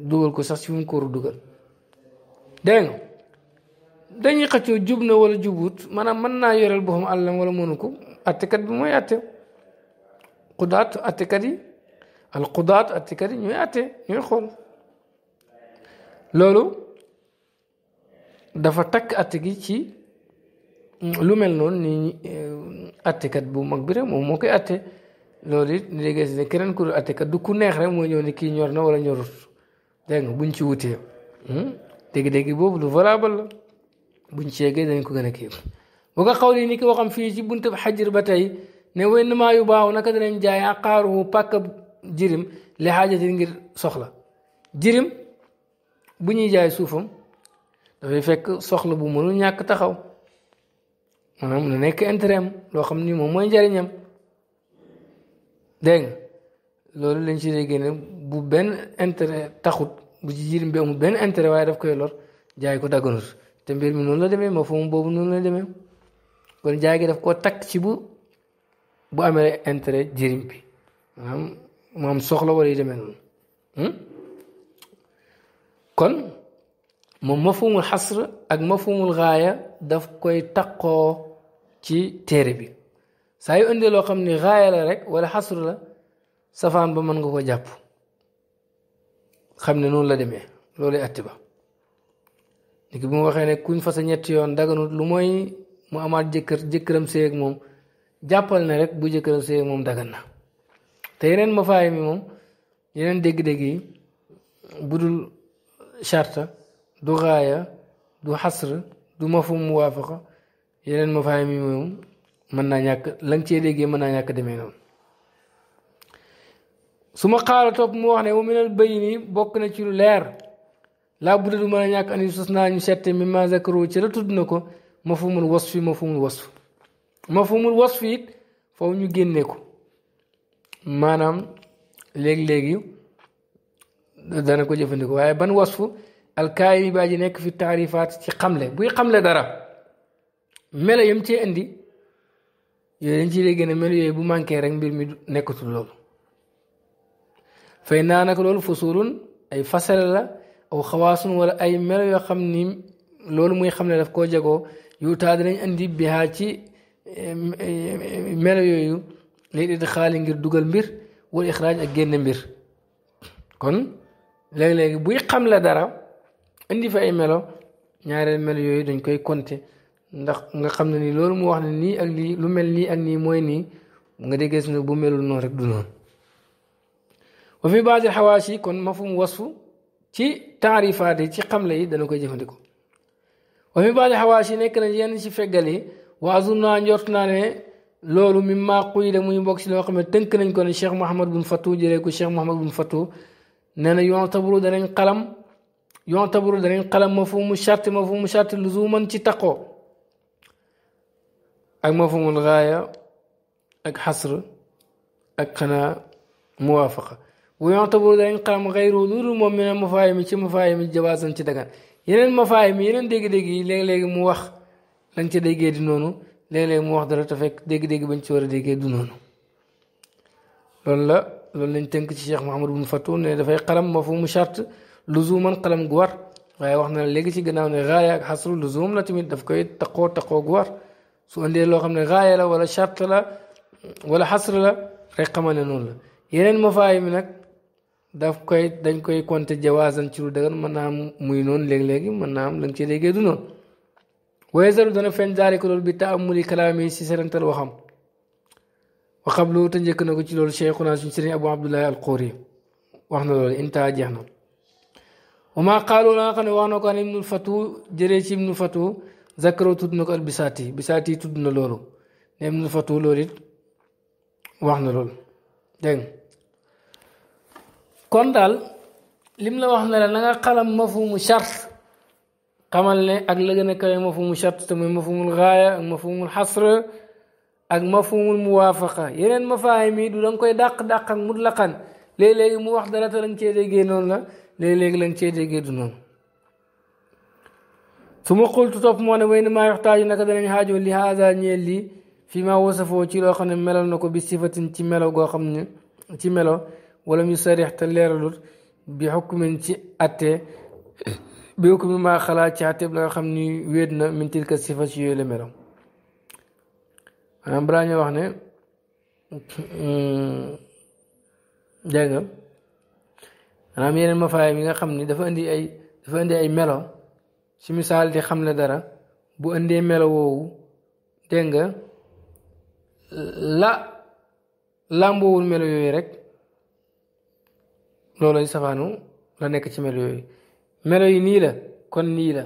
dugal ko sax ci fu mu dugal dégg nga dañuy xëccoo jub na wala jubut maanaam mën naa yoreel boppam àllam wala mënu ko attekat bi mooy atte xudaat attekat yi al xudaat attekat yi ñooy atte ñooy xool loolu dafa takk atte gi ci lu mel noonu ni eh, attekat bu mag bi rek moom moo koy atte loolu it léegi gis ne keneen ku dul attekat du ku neex rek mooy ñëw ni kii ñor na wala ñorut dégg nga buñ ci wutee hmm? dégg-dégg boobu lu valable la buñ ci yeggee dañ ko gën a kii bu ko xawli ni ki waxam fii ci buntu xajir ba tey ne wey na maa yu baaw naka danañ jaay aqaaruhu pàkk jirim li xaajatin ngir soxla jirim bu ñuy jaay suufam dafay fekk soxla bu mënul ñàkk taxaw maanaam lu nekk intérêt am loo xam ni moom mooy njariñam dégg nga loolu lañ ci génne bu benn intérêt taxut bu ci jiir bi amul benn intérêt waaye daf koy lor jaay ko dagganut te mbir mi noonu la demee ma foomu boobu noonu la demee kon jaay gi daf koo takk ci bu bu amee intérêt jirim bi maanaam mu am soxla wala yu demee noonu kon moom mafumul xasr ak ma mafumul gaaya daf koy taqoo ci téere bi saa yu indee loo xam ne gaaya la rek wala xasr la safaan ba mën nga ko jàpp xam ne noonu la demee loolu atti ba léegi bi mu waxee ne kuñ fase ñetti yoon daganut lu mooy mu amaat jëkkër jëkkëram sëy ak moom jàppal na rek bu jëkkëram sëy moom daga na te yeneen ma faay mi moom yeneen dégg-dégg bu budul charta du xaaya du xasr du mafum muwaafaqa yeneen ma faay mi moom mën naa ñàkk lañ cee déggee mën naa ñàkk demee noonu su ma xaala topp mu wax ne wa minal bayni bokk na ci lu leer laa budda du mën a ñàkk an yu sos naa ñu sette mi ma zakaru ci la tudd na ko mafhumul wasfi mafhumul wasf mafhumul wasf it foofu ñu génne ko maanaam léegi-léegi dana ko jëfandikoo waaye ban wasfu alkaay baa ji nekk fi taarifaat ci xamle buy xamle dara melo yam cee indi yooyu dañ ciy dégg ne melo yooyu bu manqué rek mbir mi nekk nekkatul loolu fay naa nag loolu fusuulun ay fasale la aw xawaasun wala ay melo yoo xam ni loolu muy xam ne daf koo yu yuutaa dinañ andi bihaa ci eh, melo yooyu lay di xaali ngir dugal mbir wala ixraaj ak génn mbir kon léegi-léegi buy xam dara indi fa ay melo ñaareel melo yooyu dañ koy compter ndax nga xam ne nii loolu mu wax ne nii ak lii lu mel nii ak nii mooy nii nga déggee si ne bu melul noonu rek du noonu وفي بعض الحواشي كن مفهوم وصف تي تعريفات تي قملة دانو كي جفندكو وفي بعض الحواشي نكنا جيانا شي فقالي وأظن أن يرتنا لولو مما قيل مي بوكس لو قمت تنكن نكون الشيخ محمد بن فتو جريكو الشيخ محمد بن فتو نانا يعتبرو دارين قلم يعتبرو دارين قلم مفهوم الشرط مفهوم الشرط لزوما تي تقو أك مفهوم الغاية أك حصر أك قناة موافقة ويعتبر ذا انقام غير ضرر من المفاهيم ci مفاهيم الجواز ci dagan yeneen مفاهيم yeneen dégg-dégg yi léeg-léeg mu wax lañ ca déggee di noonu léeg-léeg mu wax dara te fekk dégg-dégg bañ ci war a déggee du noonu loolu la loolu lañ tënk ci Cheikh Mouhamad bun Fatou ne dafay xalam ma fu mu charte luzuman xalam gu war waaye wax na léegi ci gannaaw ne raaya ak xasru luzum la tamit daf koy taqoo taqoo gu war su andee loo xam ne raaya la wala charte la wala xasr la rek xamal ne noonu la yeneen mafaahim nag daf koy dañ koy compter jawaasan ci lu dëgër mën naa am muy noonu léegi-léegi mën naa am la nga ci du noonu waaye zaru dana feeñ jaare ko loolu bi taamuli kalaam yi si serantal waxam waxam loolu te njëkk na ko ci loolu cheikhuna suñ sëriñ abu abdullahi al quri wax na loolu inta jeex na wama xaaloo la nga xam ne wax na ko an ibnul fatu jëree ci ibnul fatu zakaro tudd na ko al bisaati bisaati tudd na loolu ne ibnul fatu loolu it na loolu dégg kon daal lim la wax ne la na nga xalam mafhumu shart xamal ne ak la gën a kawe mafhumu shart te mooy mafhumul gaaya ak mafhumul xasr ak mafhumul muwafaqa yeneen mafaahim yi du dang koy dàq-dàq ak mutlaqan léeg-léegi mu wax dara te la nga cee déggee noonu la léeg-léegi la nga cee déggee du noonu su ma xultu topp moo ne way ne maa yoxtaaju naka danañ xaajoo li haada ñeel lii fi ma wasafoo ci loo xam ne melal na ko bi sifatin ci melo goo xam ne ci melo ولم يصرح تليرل بحكم أتى بحكم ما خلا تحت ابن خمني ويدنا من تلك الصفة شيء لمرام أنا براني وحنا جنجم أنا مين المفاهيم يا خمني دفندي أي دفندي أي ملا شمسال دي خملة دارا bu ëndee melo woowu dégg nga la làmboowul melo yooyu rek loolooy safaanu la nekk ci melo yooyu melo yi nii la kon nii la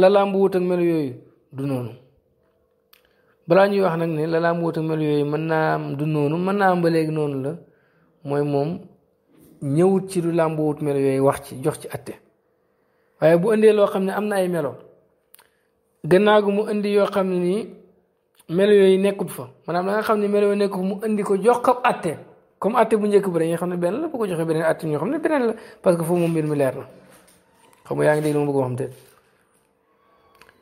la làmb wut ak melo yooyu du noonu balaa ñuy wax nag ni la làmb wut melo yooyu mën naa am du noonu mën naa am ba léegi noonu la mooy moom ñëwut ci lu làmb wut melo yooyu wax ci jox ci atte waaye bu indee loo xam ne am na ay melo gannaaw gu mu indi yoo xam ni nii melo yooyu nekkut fa maanaam da xam ne melo yooyu nekkut mu indi ko jox ko atte comme atté bu njëkk bi dañuy xam ne benn la bu ko joxee beneen atté ñu xam ne beneen la parce que foofu moom mbir mi leer na xam nga yaa ngi dégg lu ma bëgg a xam te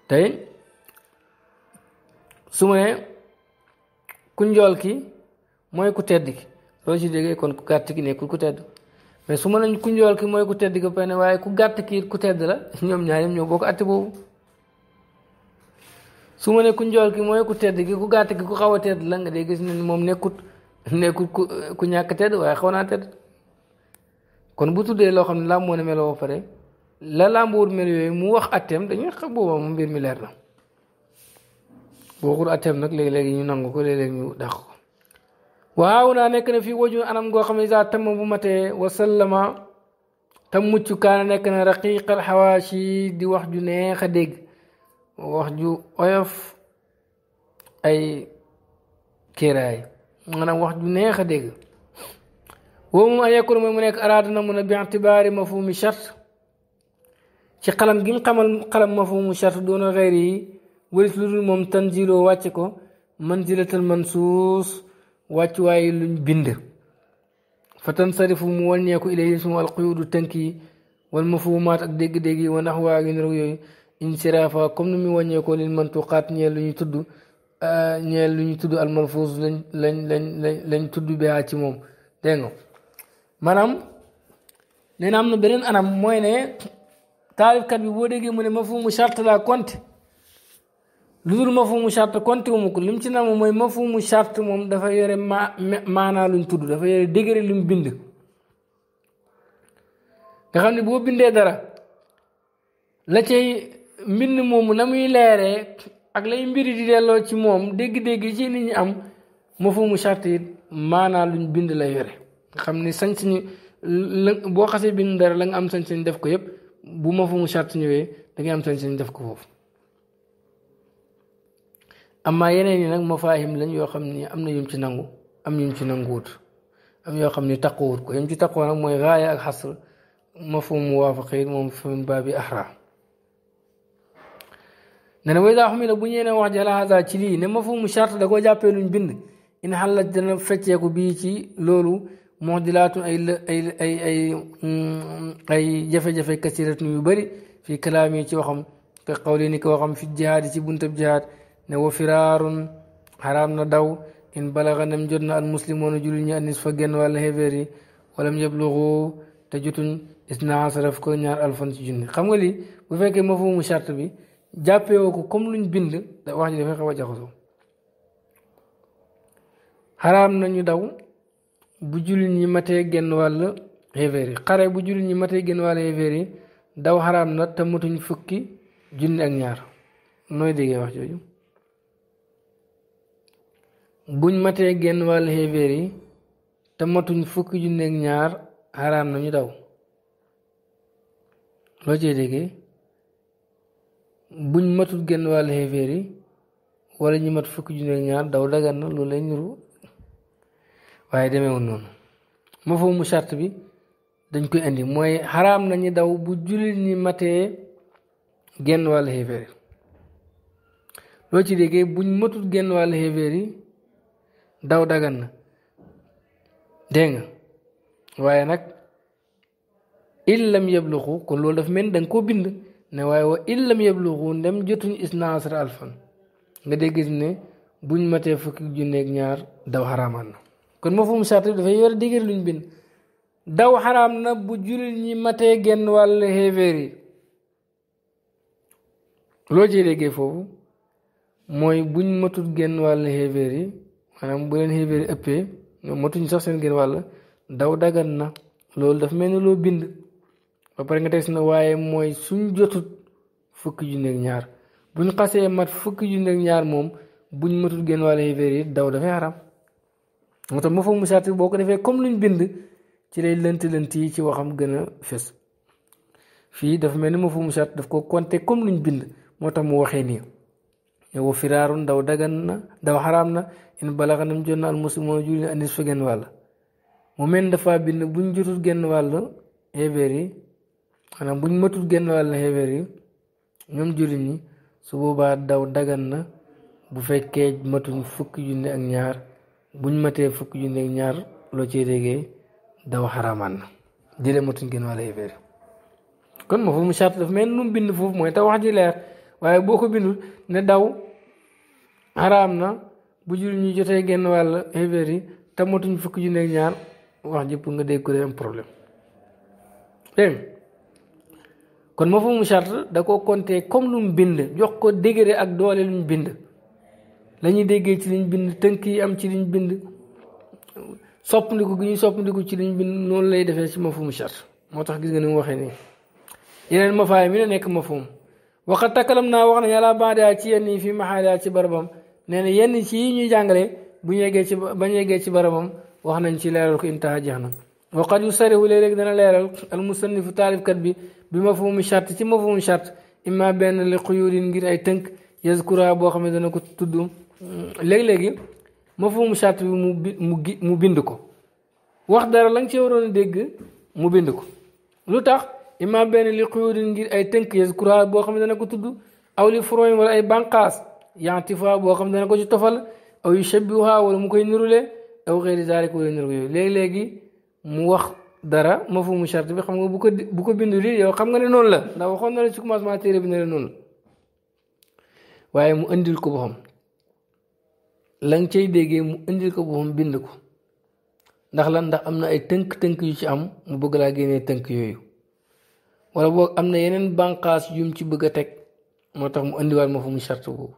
tey su ma ne ku njool ki mooy ku tedd ki loolu ci déggee kon ku gàtt ki nekkul ku tedd mais su ma ne ku njool ki mooy ku tedd ki ba ne waaye ku gàtt ki ku tedd la ñoom ñaar ñoo bokk atté boobu su ma ne ku njool ki mooy ku tedd ki ku gàtt ki ku xaw a tedd la nga dee gis ne moom nekkut. nekkul ku ku ñàkk tedd waaye xaw tedd kon bu tuddee loo xam ne làmboo na meloo ba pare la làmboor mel yooyu mu wax atteem dañuy xam boobaa mu mbir mi leer na boo xur atteem nag léegi-léegi ñu nangu ko léegi-léegi ñu dàq ko waaw naa nekk na fii waju anam goo xam ne saa tam bu matee wasallama tam mucc kaana nekk na raqiqal xawaashi di wax ju neex a dégg wax ju oyof ay kéeraay maanaam wax ju neex a dégg woowu moom ayekul mooy mu nekk araada na mun a bi itibaari mafhumi chart ci xalam gi mu xamal xalam mafhumu chart doona xeyr yi waris lu dul moom tanziloo wàcce ko manzilatal mansuus wàccuwaay luñ bind fa tansarifu mu wàññeeku ilayhi sumu alquyudu tënk yi wal mafhumaat ak dégg-dégg yi wa waa gi niru yooyu insiraafa comme ni muy wàññeekoo lil mantuqaat ñeel lu ñu tudd Euh, ñeel lu ñu tudd almalfuus lañ lañ lañ lañ lañ tudd bia ci moom dégg nga maanaam nee na am na beneen anam mooy ne taarifkat bi boo déggee mu ne mafhumu charte la konte lu dul mafhumu charte konte wu mu ko lim ci namm mooy mafhumu charte moom dafa yore ma maanaa luñ tudd dafa yore dëgëre lu mu bind nga xam ne boo bindee dara la cay mbind moomu na muy leeree ak lay mbiri di delloo ci moom dégg-dégg ci nit ñi am mafhumu charte it maanaa ñu bind la yore xam ni sañ sañu la boo xasee bind dara la nga am sañ sañ def ko yépp bu mafhumu charte ñëwee da ngay am sañ sañ def ko foofu amma yeneen yi nag mafaahim lañ yoo xam ni am na yum ci nangu am yum ci nanguwut am yoo xam ni takkuwut ko yum ci takkoo nag mooy raaya ak xasr mafhum muwaafaq it moom fi baabi ahraa ne na way daa xam ne bu ñeene wax jalaasa ci lii ne ma fu mu charte da koo jàppee luñ bind in xalla dana fecceeku bii ci loolu moo dilaatun ay ay ay ay mm, ay jafe-jafe kasiratun yu bari fii kalaam yi ci waxam ka xawli ni ko waxam fi jihaad ci buntab jihaad ne wa firaarun xaraam na daw in balaga nam jot na al muslimoon a jullit ñi anis fa genn wàlla xevéer yi walam yablugu te jotuñ isna saraf ko ñaar alfan ci junni xam nga lii bu fekkee ma fu bi jàppee ko comme luñ bind wax ji dafay xaw a jaxasoo xaraam nañu daw bu julli ñi matee genn wàll xéeféer yi xare bu jullit ñi matee genn wàll xéeféer yi daw xaraam na te fukki junni ak ñaar nooy déggee wax buñ matee genn te matuñ fukki junni daw loo cee déggee buñ matul genn wàllu xeeféer yi wala ñu mat fukk junne ak ñaar daw dagan na loolu lay niru waaye demeewul noonu ma foofu mu charte bi dañ koy indi mooy xaraam nañu daw bu jullit ñi matee genn wàllu xeeféer yi ci déggee buñ matul genn wàllu xeeféer yi daw dagan na dégg nga waaye nag il lam yabluxu kon loolu dafa mel ni danga koo bind ne waaye wa in lam yabluxu ndem jotuñ isna asra alfan nga gis ne buñ matee fukki junneeg ñaar daw xaraamaan na kon moo fum sarti dafay yor digéer luñ bind daw xaram na bu jullit ñi matee genn wàll xéeféer yi loo ci déggee foofu mooy buñ matut genn wàll xéeféer yi maanaam bu leen xéeféer yi ëppee matuñ sax seen genn wàll daw dagan na loolu daf mel ni loo bind ba pare nga teg si ne waaye mooy suñ jotut fukki junne ak ñaar buñ xasee mat fukki junne ak ñaar moom buñ matul génn wàll yi féer daw dafay xaram moo tax ma foog musaati boo ko defee comme luñ bind ci lay lënt lënt yi ci waxam gën a fii dafa mel ni ma foog musaati ko compter comme luñ bind moo tax mu waxee nii yow firaarun daw na daw xaraam na in balaxa nam na al muslimuuna genn wàll mu mel dafa bind buñ jotul genn wàll hévéer yi xanaa buñ matul genn wàll xeefeer yi ñoom jullit ñi su boobaa daw dagan na bu fekkee matuñ fukki junne ak ñaar buñ matee fukki junne ak ñaar loo ci déggee daw xaramaan na jëlee matuñ genn wàll xeefeer kon ma foofu mu charte daf mel nu mu bind foofu mooy te wax ji leer waaye boo ko bindul ne daw xaraam na bu jullit ñi jotee genn wàll xeefeer yi te matuñ fukki junne ak ñaar wax ji pour nga dégg ko day am problème kon mafhumu charte da ko compter comme lu mu bind jox ko degré ak doole lu mu bind la déggee ci liñ bind tënk yi am ci liñ bind soppandiku gi ñuy soppandiku ci liñ bind noonu lay defee ci mafhumu charte moo tax gis nga ni mu waxee nii yeneen mafaay mi la nekk mafhum waxat takkalam naa wax nañ àla bandaa ci yenn yi fii maxaalia ci barabam neen yenn ci yi ñuy jàngale bu ñu yeggee ci ba ñu yeggee ci barabam wax nañ ci leeral ko intaha jeex na waqad yusarihu léeg-léeg dana leeral al musannifu taalifkat bi bi mafhumu chart ci mafhumu chart imma benn li xuyurin ngir ay tënk yazkura boo xam ne ko tudd léeg-léegi mafhumu chart bi mu mu bind ko wax dara la nga waroon a dégg mu bind ko lu tax imma benn li xuyurin ngir ay tënk yazkura boo xam ne dana ko tudd aw li furoyin wala ay banqaas yantifa boo xam ne dana ko ci tofal aw yu shabbiha wala mu koy nirule aw xeeri zaalik wala niru yooyu léeg-léegi mu wax dara ma fu mu charte bi xam nga bu ko bu ko bindu li yow xam nga ne noonu la ndax waxoon na la ci commencement téere bi ne la noonu la waaye mu indil ko boppam lan nga cay déggee mu indil ko boppam bind ko ndax lan ndax am na ay tënk-tënk yu ci am mu bëgg laa génnee tënk yooyu wala boo am na yeneen bànqaas yum ci bëgg a teg moo tax mu indiwaat ma fu mu charte boobu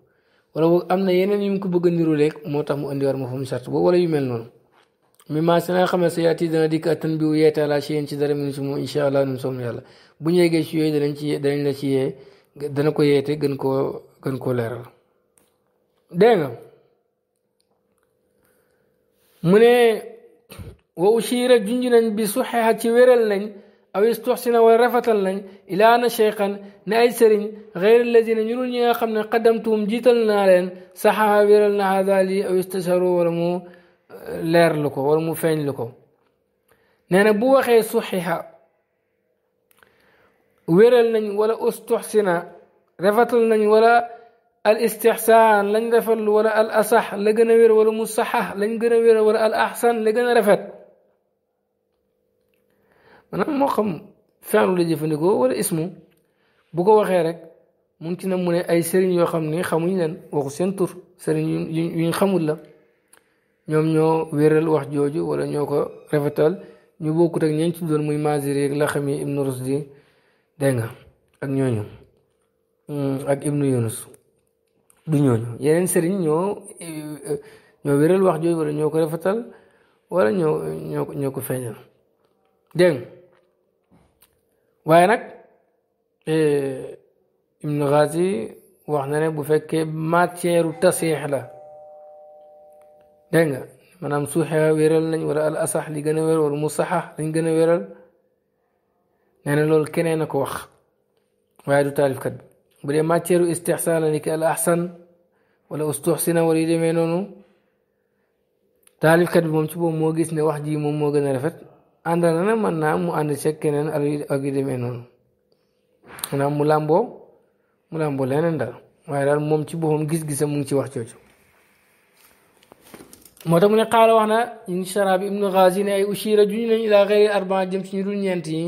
wala na yeneen yu bëgg a niru moo tax mu indiwaat ma fu mu charte boobu wala yu mel noonu mi maa si nga xamante dana dikk attan bi wu yeete ala si yéen ci dara mu ngi si allah nu mu soxla bu ñu yeggee ci yooyu danañ ci danañ la ci dana ko yeete gën ko gën koo leeral. dégg nga mu ne wa ushiira junj nañ bi suxeexa ci wéral nañ aw istuxsina wala rafetal nañ ilaa na cheikhan ne ay sëriñ xeyr lazina ñu dul ñi nga xam ne xaddamtuum jiital naa leen saxaa wéral na haada lii aw istasharu leerlu ko wala mu feeñlu ko nee na bu waxee suxixa wéral nañ wala ustuxsina rafetal nañ wala al istixsaan lañ rafetlu wala al asax la gën a wér wala mu saxax lañ gën a wér wala al axsan la gën a rafet maanaam moo xam fenlu la jëfandikoo wala ismu bu ko waxee rek mu ngi ci na mu ne ay sëriñ yoo xam ni xamuñ leen waxu seen tur sëriñ yuñ xamul la ñoom ñoo wéral wax jooju wala ñoo ko rafetal ñu bokkut ak ñeent ci doon muy Maaziri ak Laxami ibnu Rusdi denga nga ak ñooñu ak ibnu Yunus du ñooñu yeneen sëriñ ñoo ñoo wéral wax jooju wala ñoo ko rafetal wala ñoo ñoo ko ñoo ko feeñal dégg nga waaye nag Ibnu ne bu fekkee matière tasix la. dégg nga maanaam suuxee wéral nañ wala al asax li gën a wéral wala mu saxax lañ gën a wéral nee na loolu keneen a ko wax waaye du taalifkat bi bu dee matière istixsaan la ni ki al ahsan wala ustuxsina wala yu demee noonu taalifkat bi moom ci boobu moo gis ne wax ji moom moo gën a rafet ànd na nag mën naa mu ànd ceeg keneen ak yu demee noonu maanaam mu làmboo mu làmboo leneen daal waaye daal moom ci boppam gis-gisam mu ngi ci wax coocu moo tax mu ne xaala wax na ñu Sharaab ibnu Ghazi ne ay ushira juñu nañ ilaa xayri arbaa jëm ci ñi dul ñeent yi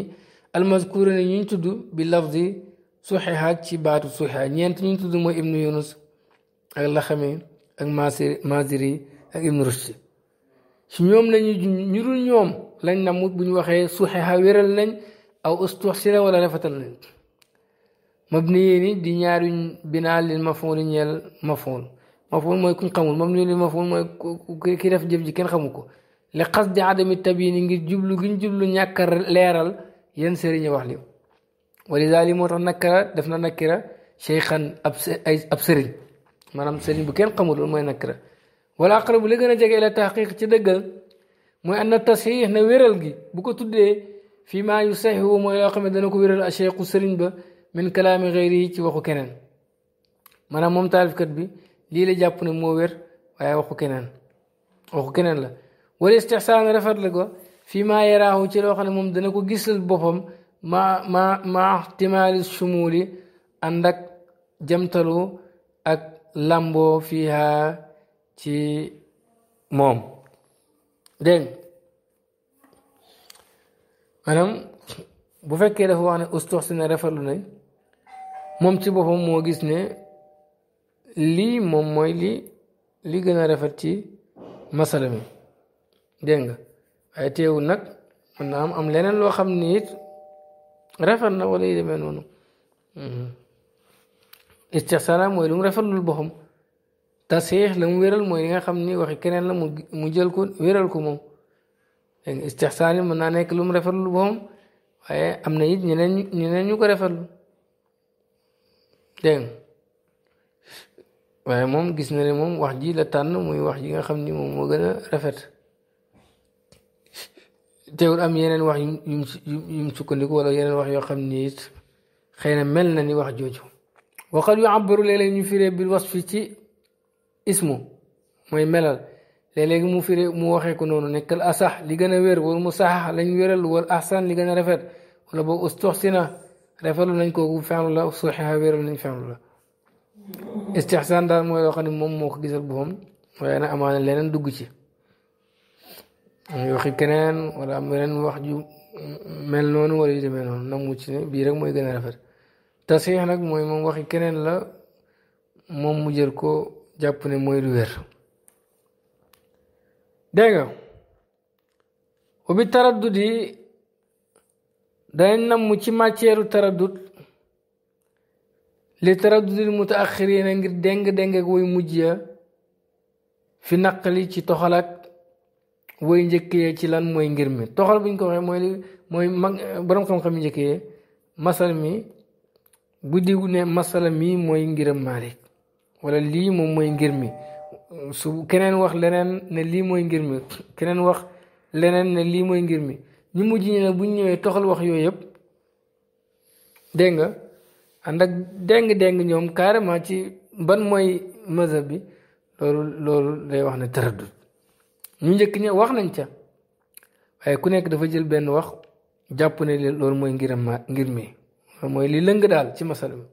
almazkuura ne ñu tudd bi lafzi suxiha ci baatu suxiha ñeent ñu tudd mooy ibnu Yunus ak Laxami ak Maziri ak ibnu Rushd ci ñoom lañu juñ dul ñoom lañ namut bu ñu waxee suxiha wéral nañ aw ustuxsira wala rafetal nañ mabni yéeni di ñaar yuñ binaal lil mafooli ñeel mafool مفهوم ما يكون خمول مبني لمفهوم ما كيف جب جي كان خمكو لقصد عدم التبيين نجي جبلو جن جبلو نكر ليرال ينسري نواحلي ولذلك مرة نكر دفنا نكر شيخا أبس أبسري ما نام سري بكن خمول ما ينكر ولا أقرب لجنة جاء إلى تحقيق تدقل ما أن التصحيح نويرال جي بكو تدري فيما يصحيح هو ما يقام دنوكو ويرال أشياء قصرين ب من كلام غيره تي وخو كنن ما نام ممتع الفكر بي lii la jàpp na moo wér waaye waxu keneen waxu keneen la wala istixsaan rafet la ko fii maa yaraahu ci loo xam moom dana ko gisal boppam ma ma ma ihtimaali sumuuli ànd ak jamtalu ak lamboo fiiha ci moom dégg bu fekkee dafa wax ne ustuxsina rafetlu nañ moom ci boppam moo gis ne lii moom mooy li lii gën a rafet ci masala mi dégg nga waaye nag mën naa am am leneen loo xam ni it rafet na wala yi demee noonu mhm. istixsaara mooy lu mu rafetlul boppam tasxiix la mu wéral mooy li nga xam ni waxi keneen la mu mu jël ko wéral ko moom dégg nga istixsaar mën naa nekk lu mu rafetlul boppam waaye am na it ñeneen ñu ñeneen ko rafetlu dégg nga waaye moom gis na ne moom wax ji la tànn muy wax ji nga xam ni moom moo gën a rafet teewul am yeneen wax yu mu sukkandiku wala yeneen wax yoo xam ni it xëy na mel na ni wax jooju waxal yu àbbaru léeg-léeg ñu firee bil wasfi ci ismu mooy melal léeg-léeg mu firee mu waxee ko noonu nekkal asax li gën a wér wala mu sax lañ wéral wala ahsan li gën a rafet wala boo ustoxsina rafetlu nañ kooku fenlu la suuxexa wéral nañ fenlu la istixsaan daal mooy loo xam ne moom moo ko gisal boppam waaye nag amaana leneen dugg ci waxi keneen wala am leneen wax ju mel noonu wala yu demee noonu na mucc ne bii rek mooy gën a rafet tasxiix nag mooy moom waxi keneen la moom mu jël ko jàpp ne mooy lu wér dégg nga ubi taraddut yi danañ namm ci matière taraddut li taraddudil mutaaxiriina ngir déng-déng ak way mujj ya fi naqli ci toxalaat woy njëkk yee ci lan mooy ngir mi toxal buñ ko waxee mooy li mooy mag borom xam-xam njëkk yee masal mi bu digu ne masala mii mooy ngiram Maalik wala lii moom mooy ngir mi su keneen wax leneen ne lii mooy ngir mi wax leneen lii mooy ngir mi ñu mujj ñi buñ ñëwee toxal wax yooyu yëpp dégg ànd ak déng-déng ñoom carrément ci ban mooy mazhab bi loolu loolu day wax ne tëraddut ñu njëkk ña wax nañ ca waaye ku nekk dafa jël benn wax jàpp ne loolu mooy ngiram ma ngir mi mooy li lëng daal ci masala bi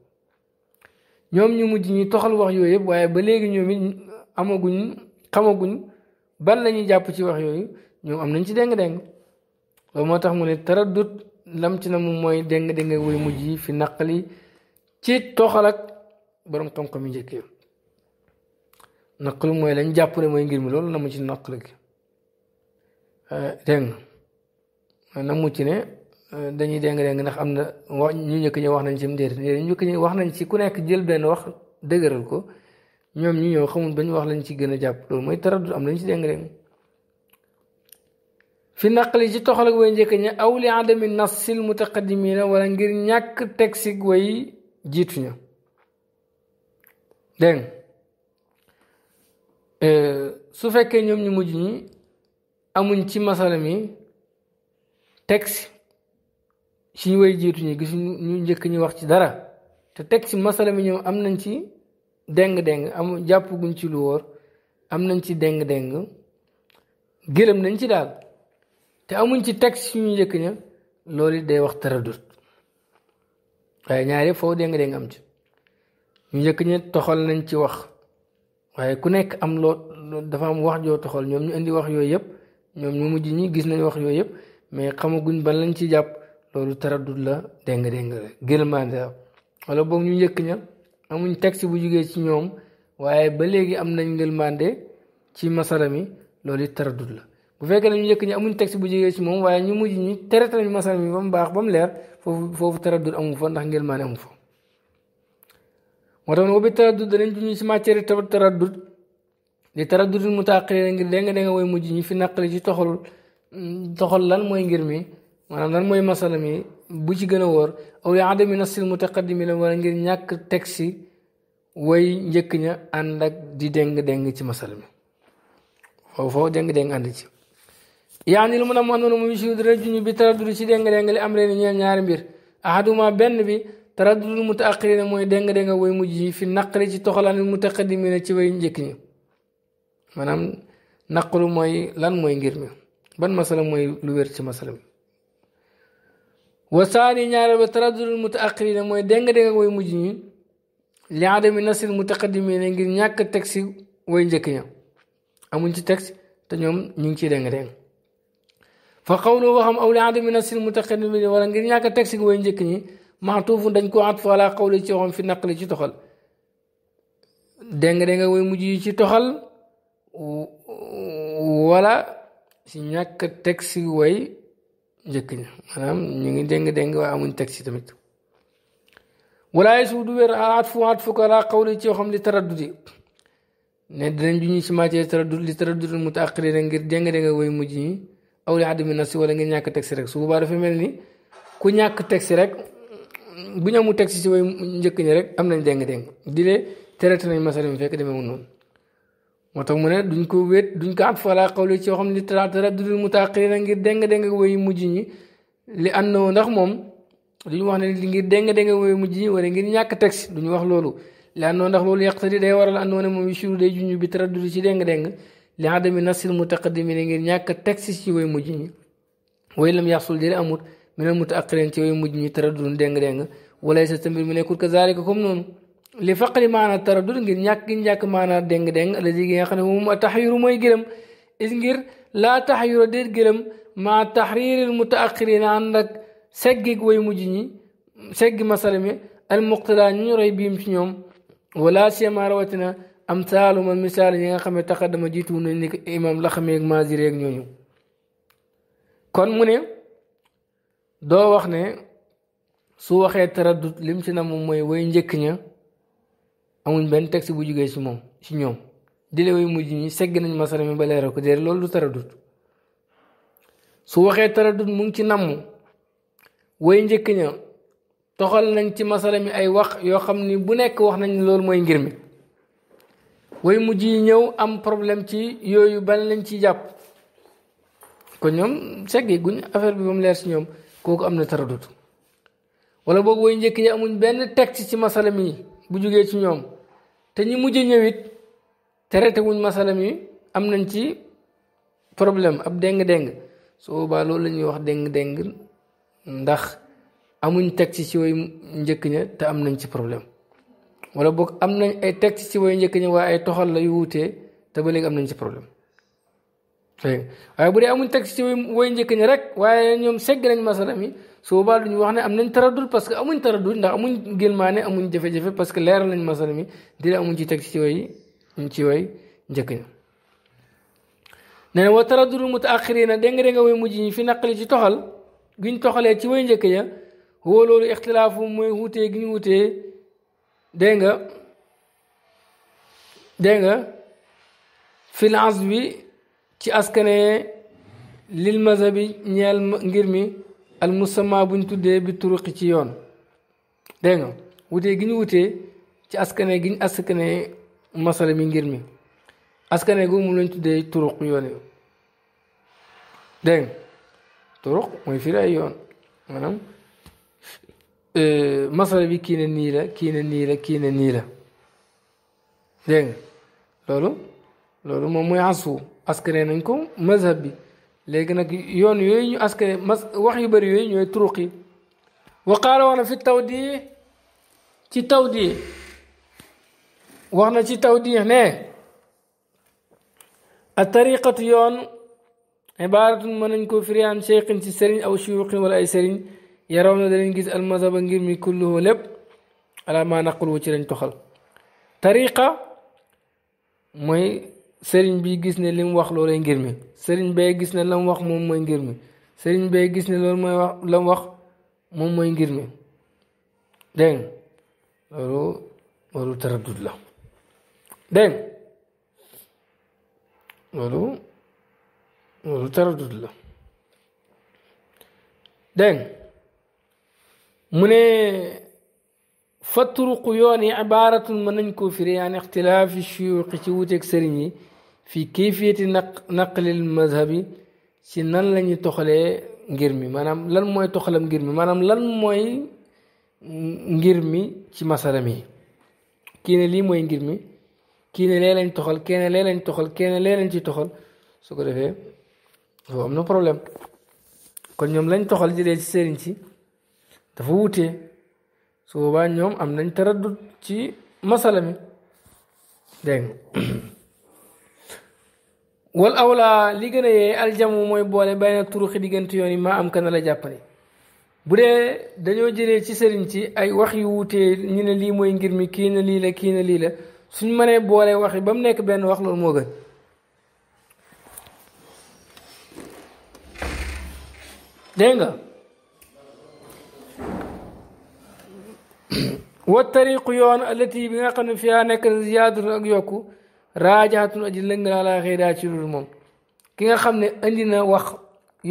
ñoom ñu mujj ñi toxal wax yooyu yëpp waaye ba léegi ñoom it amaguñ ban la jàpp ci wax yooyu ñoom am nañ ci déng-déng loolu moo tax mu ne tëraddut lam ci na mu mooy déng-déng wuy mujj fi naqali ci toxal ak borom xam-xam yu njëkk yi naqlu mooy lañ jàpp ne mooy ngir mi loolu na mu ci naqlu gi euh, dégg na mu ci ne euh, dañuy déng-déng ndax am na wax ñu njëkk ñëw wax nañ ci déet ñu njëkk wax nañ ci ku nekk jël benn wax dëgëral ko ñoom ñu ñëw xamul ba ñu wax lañ ci gën a jàpp loolu mooy taraddu am lañ ci déng-déng fi naqli ci toxal way njëkk ña aw li adami nas sil mutaqaddimina wala ngir ñàkk teg sig way jiitu ña dégg su fekkee ñoom ñu mujj ñi amuñ ci masalami mi texte si ñu way jiitu ñi gisuñ ñu njëkk ñu wax ci dara te texte masala mi ñoom am nañ ci déng-déng amu jàpp guñ ci lu wóor am nañ ci déng-déng gërëm nañ ci daal te amuñ ci texte si ñu njëkk ña loolu it day wax tëradut waaye ñaar yëpp foofu dégg nga dégg am ci ñu njëkk ñi toxal nañ ci wax waaye ku nekk am loo dafa am wax joo toxal ñoom ñu indi wax yooyu yëpp ñoom ñu mujj ñi gis nañu wax yooyu yëpp mais xamaguñ ban lañ ci jàpp loolu taraddut la dégg nga dégg nga gërëmaande la wala boog ñu njëkk ña amuñ teg texte bu jugee ci ñoom waaye ba léegi am nañ ngërëmaande ci masala mi loolu it taraddut la bu fekkee ne ñu njëkk ñi amuñ texte bu jógee ci moom waaye ñu mujj ñi traité nañu masal mi ba mu baax ba mu leer foofu foofu taraddud amu fa ndax ngeen maane amu fa moo tax bi taraddud danañ juñu ci matière taraddud di taraddud mu tàqale ngir dégg nga dégg nga way mujj ñi fi naqali ci toxal toxal lan mooy ngir mi maanaam lan mooy masala mi bu ci gën a wóor aw ya adami nasil mutaqaddimi la wala ngir ñàkk texte way njëkk ña ànd ak di déng déng ci masala mi foofu foofu déng déng ànd ci yaa ni lu mun a mu àndoon muy si dara juñu bi taraddud ci déng-déng li am leen ñeel ñaari mbir ahaduma benn bi taraddudul mutaaxiriina mooy déng-déng way mujj yi fi naqari ci toxalaan mutaqaddimiina ci way njëkk ñi maanaam naqaru mooy lan mooy ngir mi ban masala mooy lu wér ci masala mi wa saani ñaareel ba taraddudul mutaaxiriina mooy déng-déng way mujj ñi li adami nasil mutaqaddimiina ngir ñàkk teg si way njëkk ña amuñ ci teg te ñoom ñu ngi ciy déng-déng فقولوا وهم أولاد من الناس المتقدمين ولن غير ياك تكسي وين جيك ني معطوف دنج كو عطف على قولي تي وهم في النقل تي توخال دنج دنج وي مجي تي توخال ولا سي ياك تكسي وي جيك ني مانام ني دنج دنج تكسي تميت ولا يسود وير عطف عطف على قولي تي وهم لترددي ne dinañ juñu ci matière tradu li tradu mutaqqir ngir jeng de aw li adami nas wala ngeen ñàkk texte rek su boobaa dafa mel ni ku ñàkk texte rek bu ñu amul texte si way njëkk ñi rek am nañ déng-déng di lee terete nañ masalim fekk demeewul noonu moo tax mu ne duñ ko wéet duñ ko atfa ala qawli ci yoo xam ni taraatara dudul mutaaxirina ngir déng-déng way mujj ñi li àndoo ndax moom duñu wax ne li ngir déng-déng way mujj ñi wala ngir ñàkk texte duñu wax loolu li àndoo ndax loolu yàqta di day waral àndoo ne moom yu suru لعدم النص المتقدم من غير ياك تاكسي سي وي مجني وي لم يحصل دير امور من المتاخرين تي وي مجني تردد دنگ دنگ وليس تمر من يكون كذلك كم نون لفقر معنى التردد غير ياك ياك معنى دنگ دنگ الذي ياخن هو تحير موي گرم اس غير لا تحير دير گرم مع تحرير المتاخرين عندك سگگ وي مجني سگ مسلمي المقتدى ني ري بيم ولا سيما رواتنا am saalu man misaal yi nga xam ne dama jiitu nañ ni imam la xamee ak maasiré ak ñooñu kon mu ne doo wax ne su waxee taraddut lim ci na moom mooy way njëkk ña amuñ benn texte bu jugee ci moom ci ñoom dile way ñi segg nañ masara mi ba leeral loolu du taraddut su waxee taraddut mu ngi ci namm way njëkk ña toxal nañ ci masala mi ay wax yoo xam ni bu nekk wax nañ loolu mooy ngir mi way mujj yi ñëw am problème ci yooyu ban nañ ciy jàpp kon ñoom seggi guñ affaire bi ba mu leer si ñoom kooku am na tara taradut wala boobu way njëkk yi amuñ benn texte ci masala mi bu jugee ci ñoom te ñu mujj ñëwit traité wuñ masala mi am nañ ci problème ab déng-déng su boobaa loolu lañuy wax déng-déng ndax amuñ texte ci way njëkk ña te am nañ ci problème wala boog am nañ ay texte ci way njëkk waaye toxal la yu wutee te am nañ ci problème bu dee amuñ texte ci way njëkk ñi rek waaye ñoom segg nañ masala mi su boobaa ñu wax ne am nañ taradul parce que amuñ taradul ndax amuñ gélmaane amuñ jafe-jafe parce que leeral nañ masala mi dina amuñ ci texte ci way ci way njëkk ñi nee na wa taradul mutaaxirina dégg nga dégg nga way mujj ñi fi naqali ci toxal guñ toxalee ci way njëkk ya woo loolu ixtilaafu mooy wutee gi wutee dégg nga dégg nga fil azwi ci askane lil mazhabi ñeel ngir mi al musamma buñ tuddee bi turuqi ci yoon dégg nga wutee gi ñu wutee ci askane gi ñu askane masala mi ngir mi askane gu mu lañ tuddee turuq yoon yi dégg turuq mooy firi yoon إيه، مصر بي النيلة كاين النيلة كاين النيلة دين لولو لولو ما موي عصو أسكرين نكو مذهبي لكن يون يون أسكرين مس وحي بري يون يتروقي وقالوا أنا في التوديع في التوديع وأنا في التوديع هنا الطريقة يون عبارة من كفر عن شيخ سرين أو شيوخ ولا أي yarawna danañ gis almazhaba ngir mi kulluhu lépp ala ma naqulu ci lañ toxal tariqa mooy sëriñ bi gis ne li mu wax loolay ngir mi sëriñ bee gis ne la mu wax moom mooy ngir mi sëriñ bee gis ne loolu mooy wax la mu wax moom mooy ngir mi dégg nga loolu loolu taraddud la dégg nga loolu loolu taraddud la dégg nga mu ne fatturuqu yoon yi ibaaratun mën nañ koo firi an ixtilaafi shuyuuxi ci wuteeg sëriñ yi fii kayfiyati naqlil mazhabi ci nan la ñuy toxalee ngir mi maanaam lan mooy toxalam ngir mi maanaam lan mooy ngir mi ci masala mi kii ne lii mooy ngir mi kii ne lee lañ toxal kene lee lañ toxal kene lee lañ ci toxal su ko defee foofu am na problème kon ñoom lañ toxal jëlee ci sëriñ si dafa wuute su boobaa ñoom am nañ taraddut ci masala mi dégg wal awla li gën a yee aljamu mooy boole bay na turuxi diggante yoon yi maa am kana la jàppale bu dee dañoo jëlee ci sëriñ ci ay wax yu wutee ñu ne lii mooy ngir mi kii na lii kii na lii la suñ mënee boole wax yi ba mu nekk benn wax loolu moo gën dégg nga والطريق يون التي بنقن فيها نكن زيادة يوكو راجعة أجل لنقل على خيرات الرموم كي نخمني أندنا وخ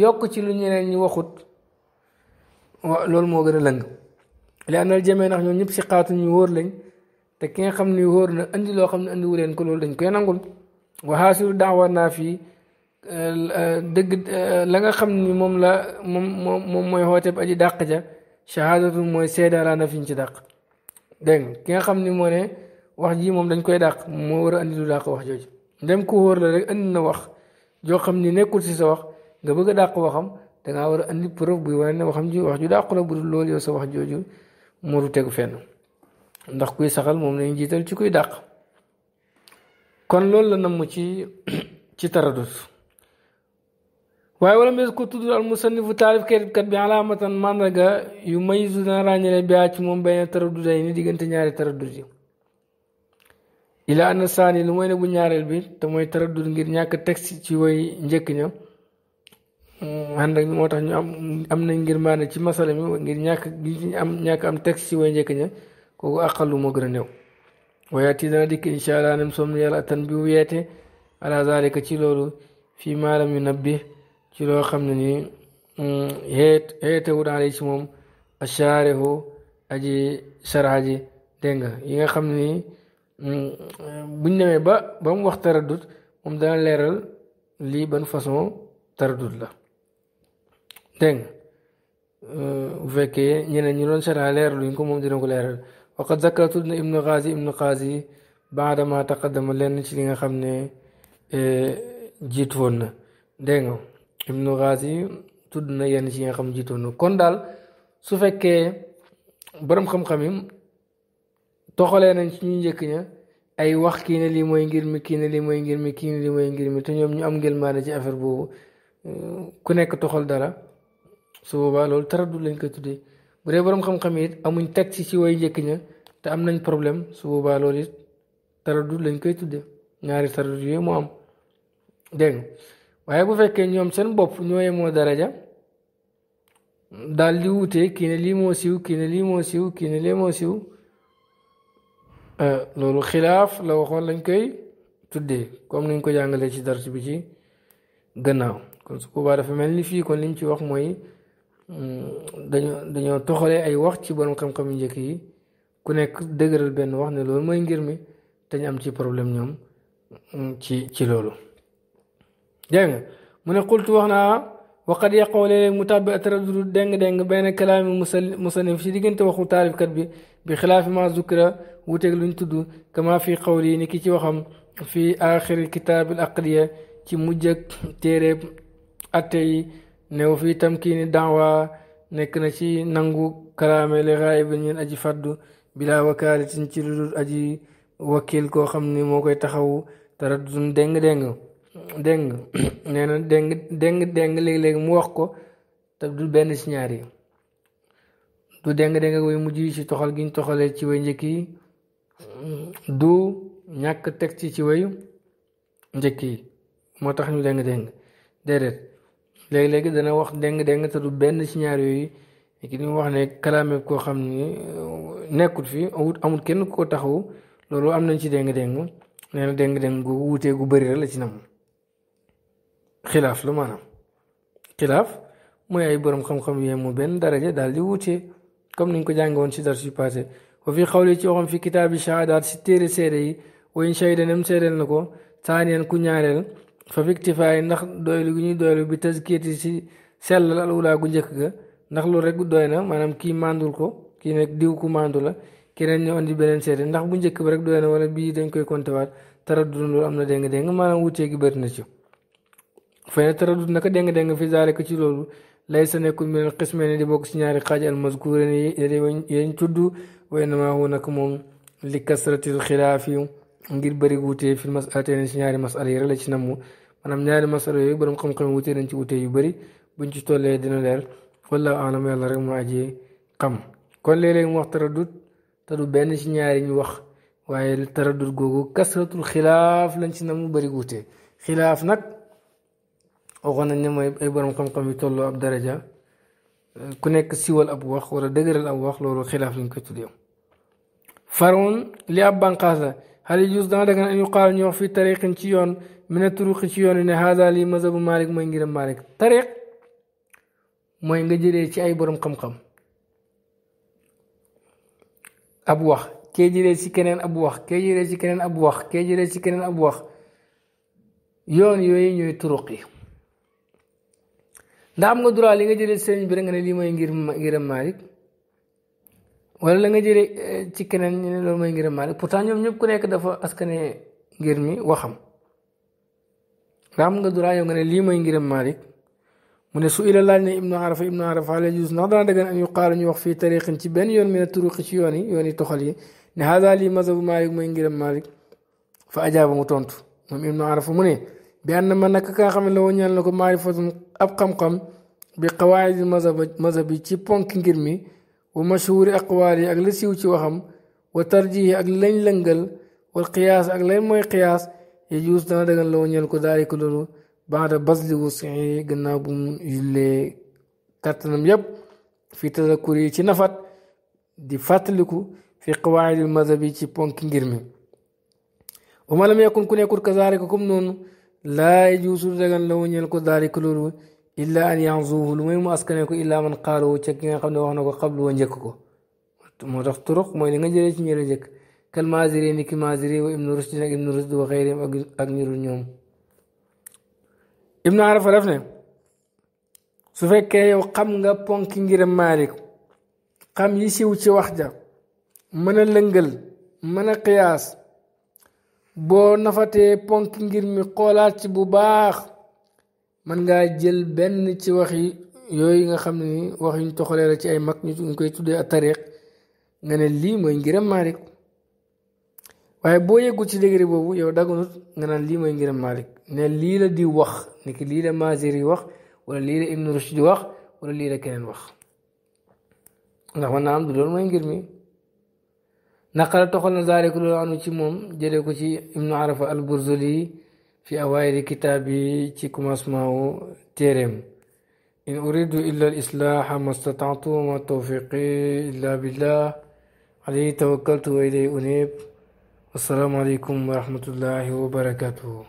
يوكو تلو نيني وخط لول موغر لنقل لأن الجميع نحن نبسقات نيوور لن تكي نخمني يوور نأندي لو خمني أندي ولين كل ولين كي نقول وحاسر دعوانا في دغ لا خمني موم لا موم موم موي هوتيب اجي داق جا شهاده موي سيدارانا فينتي داق dégg nga ki nga xam ni moo ne wax ji moom dañ koy dàq moo war a àndi lu dàq wax jooju ndem ku wóor la rek andi na wax joo xam ni nekkul si sa wax nga bëgg a dàq waxam da war a andi preuve buy wane ne waxam ji wax ju dàq la bu dul loolu yow sa wax jooju moo du tegu fenn ndax kuy saxal moom lañ jiital ci kuy dàq kon loolu la namm ci ci taradut waaye wala mees ko tudd al musannifu taalif kayitkat bi alaamatan màndarga yu mayisu dana ràññale bi ci moom benn taradduday ni diggante ñaari taraddud yi ila ana saani lu mooy ne bu ñaareel bi te mooy taraddud ngir ñàkk texte ci way njëkk ña moo tax ñu am am ngir maana ci masala mi ngir ñàkk am ñàkk njëkk ña kooku àqalu moo gën a néew wayaati dana dikk incha allah nem soom yàlla atan bi yeete ala zalika ci loolu fii maalam yu nabbi ci loo xam ne nii mm, xeet xeetewu daal ci moom ashaarihu aji sharha ji dégg nga yi nga xam ni nii mm, buñ demee ba ba mu wax taraddut moom dana leeral lii ban façon taraddut la dégg nga euh, bu fekkee ñeneen ñu doon sharha leeral luñ ko moom dina ko leeral waqad zakara tudd na ibnu xaasi ibnu xaasi baadama taqaddama lenn ci li nga xam ne euh, jiit woon na dégg Ibnu Xaasi tudd na yenn ci nga xam ne jiitoon na kon daal su fekkee borom xam-xam yi nañ ci ñu njëkk ña ay wax kii ne lii mooy ngir mi kii ne lii mooy ngir mi mooy ngir mi te ñoom ñu am ngëlmaane ci affaire boobu ku nekk toxal dara su boobaa loolu taradu lañ koy tuddee bu dee borom xam-xam amuñ teg ci ci way njëkk ña te am nañ problème su boobaa loolu it lañ koy tuddee ñaari taraddud yooyu mu am dégg nga waaye bu fekkee ñoom seen bopp ñoo yemoo daraja dal di wutee kii ne lii moo siw kii ne lii moo siw kii ne lii moo siiw euh, loolu xilaaf la waxoon lañ koy tuddee comme nañ ko jàngalee ci dars bi ci gannaaw kon su boobaa dafa mel ni fii kon liñ ci wax mooy mm, dañoo dañoo toxalee ay wax ci borom xam-xam njëkk yi ku nekk dëgëral benn wax ne loolu mooy ngir mi te ñu am ci problème ñoom mm, ci ci loolu. dégg nga mu ne qultu wax naa waqad yaqoo léeg-léeg mu tàbbi ataradudu deng deng benn kalaami musal musanif ci diggante waxu taalifkat bi bi xilaafi ma zukira wuteeg luñ tudd kama fi qawli ni ki ci waxam fi axiri kitaabil aqliya ci mujjëg téeréeb atte yi new fi tamkiini daawa nekk na ci nangu kalaame li xaayibin ñeen aji faddu bila wakaalitin ci lu dul aji wakil koo xam ni moo koy taxaw taradudun deng deng dégg nga nee na dégg dégg dégg léegi-léegi mu wax ko te du benn si ñaar yi du dégg dégg way mujj yi ci toxal gi ñu toxalee ci way njëkk yi du ñàkk teg ci ci wayu njëkk yi moo tax ñu dégg dégg déedéet léegi-léegi dana wax dégg dégg te du benn si ñaar yooyu ki ñu wax ne kalaame koo xam ni euh, nekkul fii awut amul kenn koo taxaw loolu am nañ ci dégg dégg nee na dégg dégg gu wutee gu bëri la ci nam xilaaf la maanaam xilaaf mooy ay borom xam-xam yee mu benn daraja daal di wute comme niñ ko jànge woon ci dar su passé wa fi xawli ci waxam fi kitaabi shahadaat si téere seede yi wayn shahida nem seedeel na ko saaneen ku ñaareel fa fi iktifaay ndax doylu gu ñuy doylu bi tazkiyati si sellal al ulaa gu njëkk ga ndax loolu rek doy na maanaam kii mandul ko kii nag diw ku mandu la keneen ñoo andi beneen seede ndax bu njëkk ba rek doy na wala bii dañ koy kontewaat tara dund na déng déng maanaam wutee gi na ci fayna taradut naka deng deng fi zalika ci loolu laysa nekkul min al qisme ne di bokk si ñaari xaaj al mazkure ne yeñ tudd wa innama hu nak moom li kasratil xilaaf yi ngir bëri wutee fi masalateen si ñaari masala yi rek la ci namm maanaam ñaari masala yooyu borom xam-xam wutee nañ ci wutee yu bëri buñ ci tollee dina leer wala alam yàlla rek mu aji xam kon léeg-léeg mu wax taradut te du benn si ñaari ñu wax waaye taradut googu kasratul xilaaf lañ ci namm bëri wutee xilaaf nag waxoon nañ ne mooy ay borom xam-xam yu tolloo ab daraja ku nekk siwal ab wax wala dëgëral ab wax loolu xilaaf lañ koy tuddee faroon li ab bànqaas la hal yajuz dana dagan an yuqaal ñu wax fii tariqin ci yoon mina turuqi ci yoon ne haada li mazhabu malik mooy ngir malik tariq mooy nga jëlee ci ay borom xam-xam ab wax kee jëlee ci keneen ab wax kee jëlee ci keneen ab wax kee jëlee ci keneen ab wax yoon yooyu ñooy turuqi ndax nga droit li nga jële sëriñ bi rek nga ne lii mooy ngir ngiram Malick la nga jëlee eh, ci keneen ñu ne loolu mooy ngiram ñëpp ku nekk dafa askane ngir mi waxam ndax nga droit yow nga ne lii mooy ngiram Malick mu ne su ila laaj ne ibnu arafa ibnu arafa la jus ndax dana dëggan an yu qaala ñu wax fii tariqin ci benn yoon mi ne ci yoon yi yoon yi toxal yi ne hada lii mazhabu Malick mooy ngiram Malick fa ajaaba mu tontu moom ibnu arafa mu ne bi ànd man nag ka nga xam ne la ñaan la ab xam-xam bi xawaayidi mazhab bi ci ponk ngir mi wa mashhuuri aqwaal yi ak la siiw ci waxam wa tarjihi ak lañ lëngal wal xiyaas ak lañ mooy xiyaas yajuus dana dagan la ñaan ko daalika loolu baada basli wusii gannaaw bu mu yullee kattanam yépp fi tazakur ci nafat di fàttaliku fi xawaayidi mazhab bi ci ponk ngir mi wa ma lam yakun ku nekkul kazaalika comme noonu laa yajuusu du dagan la ñeel ko daalika loolu illaa an yanzuhu lu muy mu askane ko illaa man xaaloo ca ki nga xam ne wax na ko xablu wa njëkk ko moo tax turuq mooy li nga jëlee ci ñële njëkk kal maaziri ni ki maaziri wa ibnu rusdi ak ibnu rusdi wa xeyrim ak ñu dul ñoom ibnu arafa def ne su fekkee yow xam nga ponk ngiram maalik xam yi siw ci wax ja mën a lëngal mën a qiyaas boo nafatee ponk ngir mi xoolaat ci bu baax mën ngaa jël benn ci wax yi yooyu nga xam ni wax yuñ toxalee ci ay mag ñu koy tuddee a nga ne lii mooy ngiram Malik waaye boo yeggu ci degré boobu yow dagunut nga naan lii mooy ngiram Malik ne lii la di wax ni ki lii la Maziri wax wala lii la Ibn wax wala lii la keneen wax ndax man naa am du loolu mooy ngir mi نقل تخلنا ذلك لأنه تموم جلوكو تي ابن عرفة البرزولي في أوائل كتابي تي كما اسمه تيرم إن أريد إلا الإصلاح ما استطعت وما توفيقي إلا بالله عليه توكلت وإليه أنيب السلام عليكم ورحمة الله وبركاته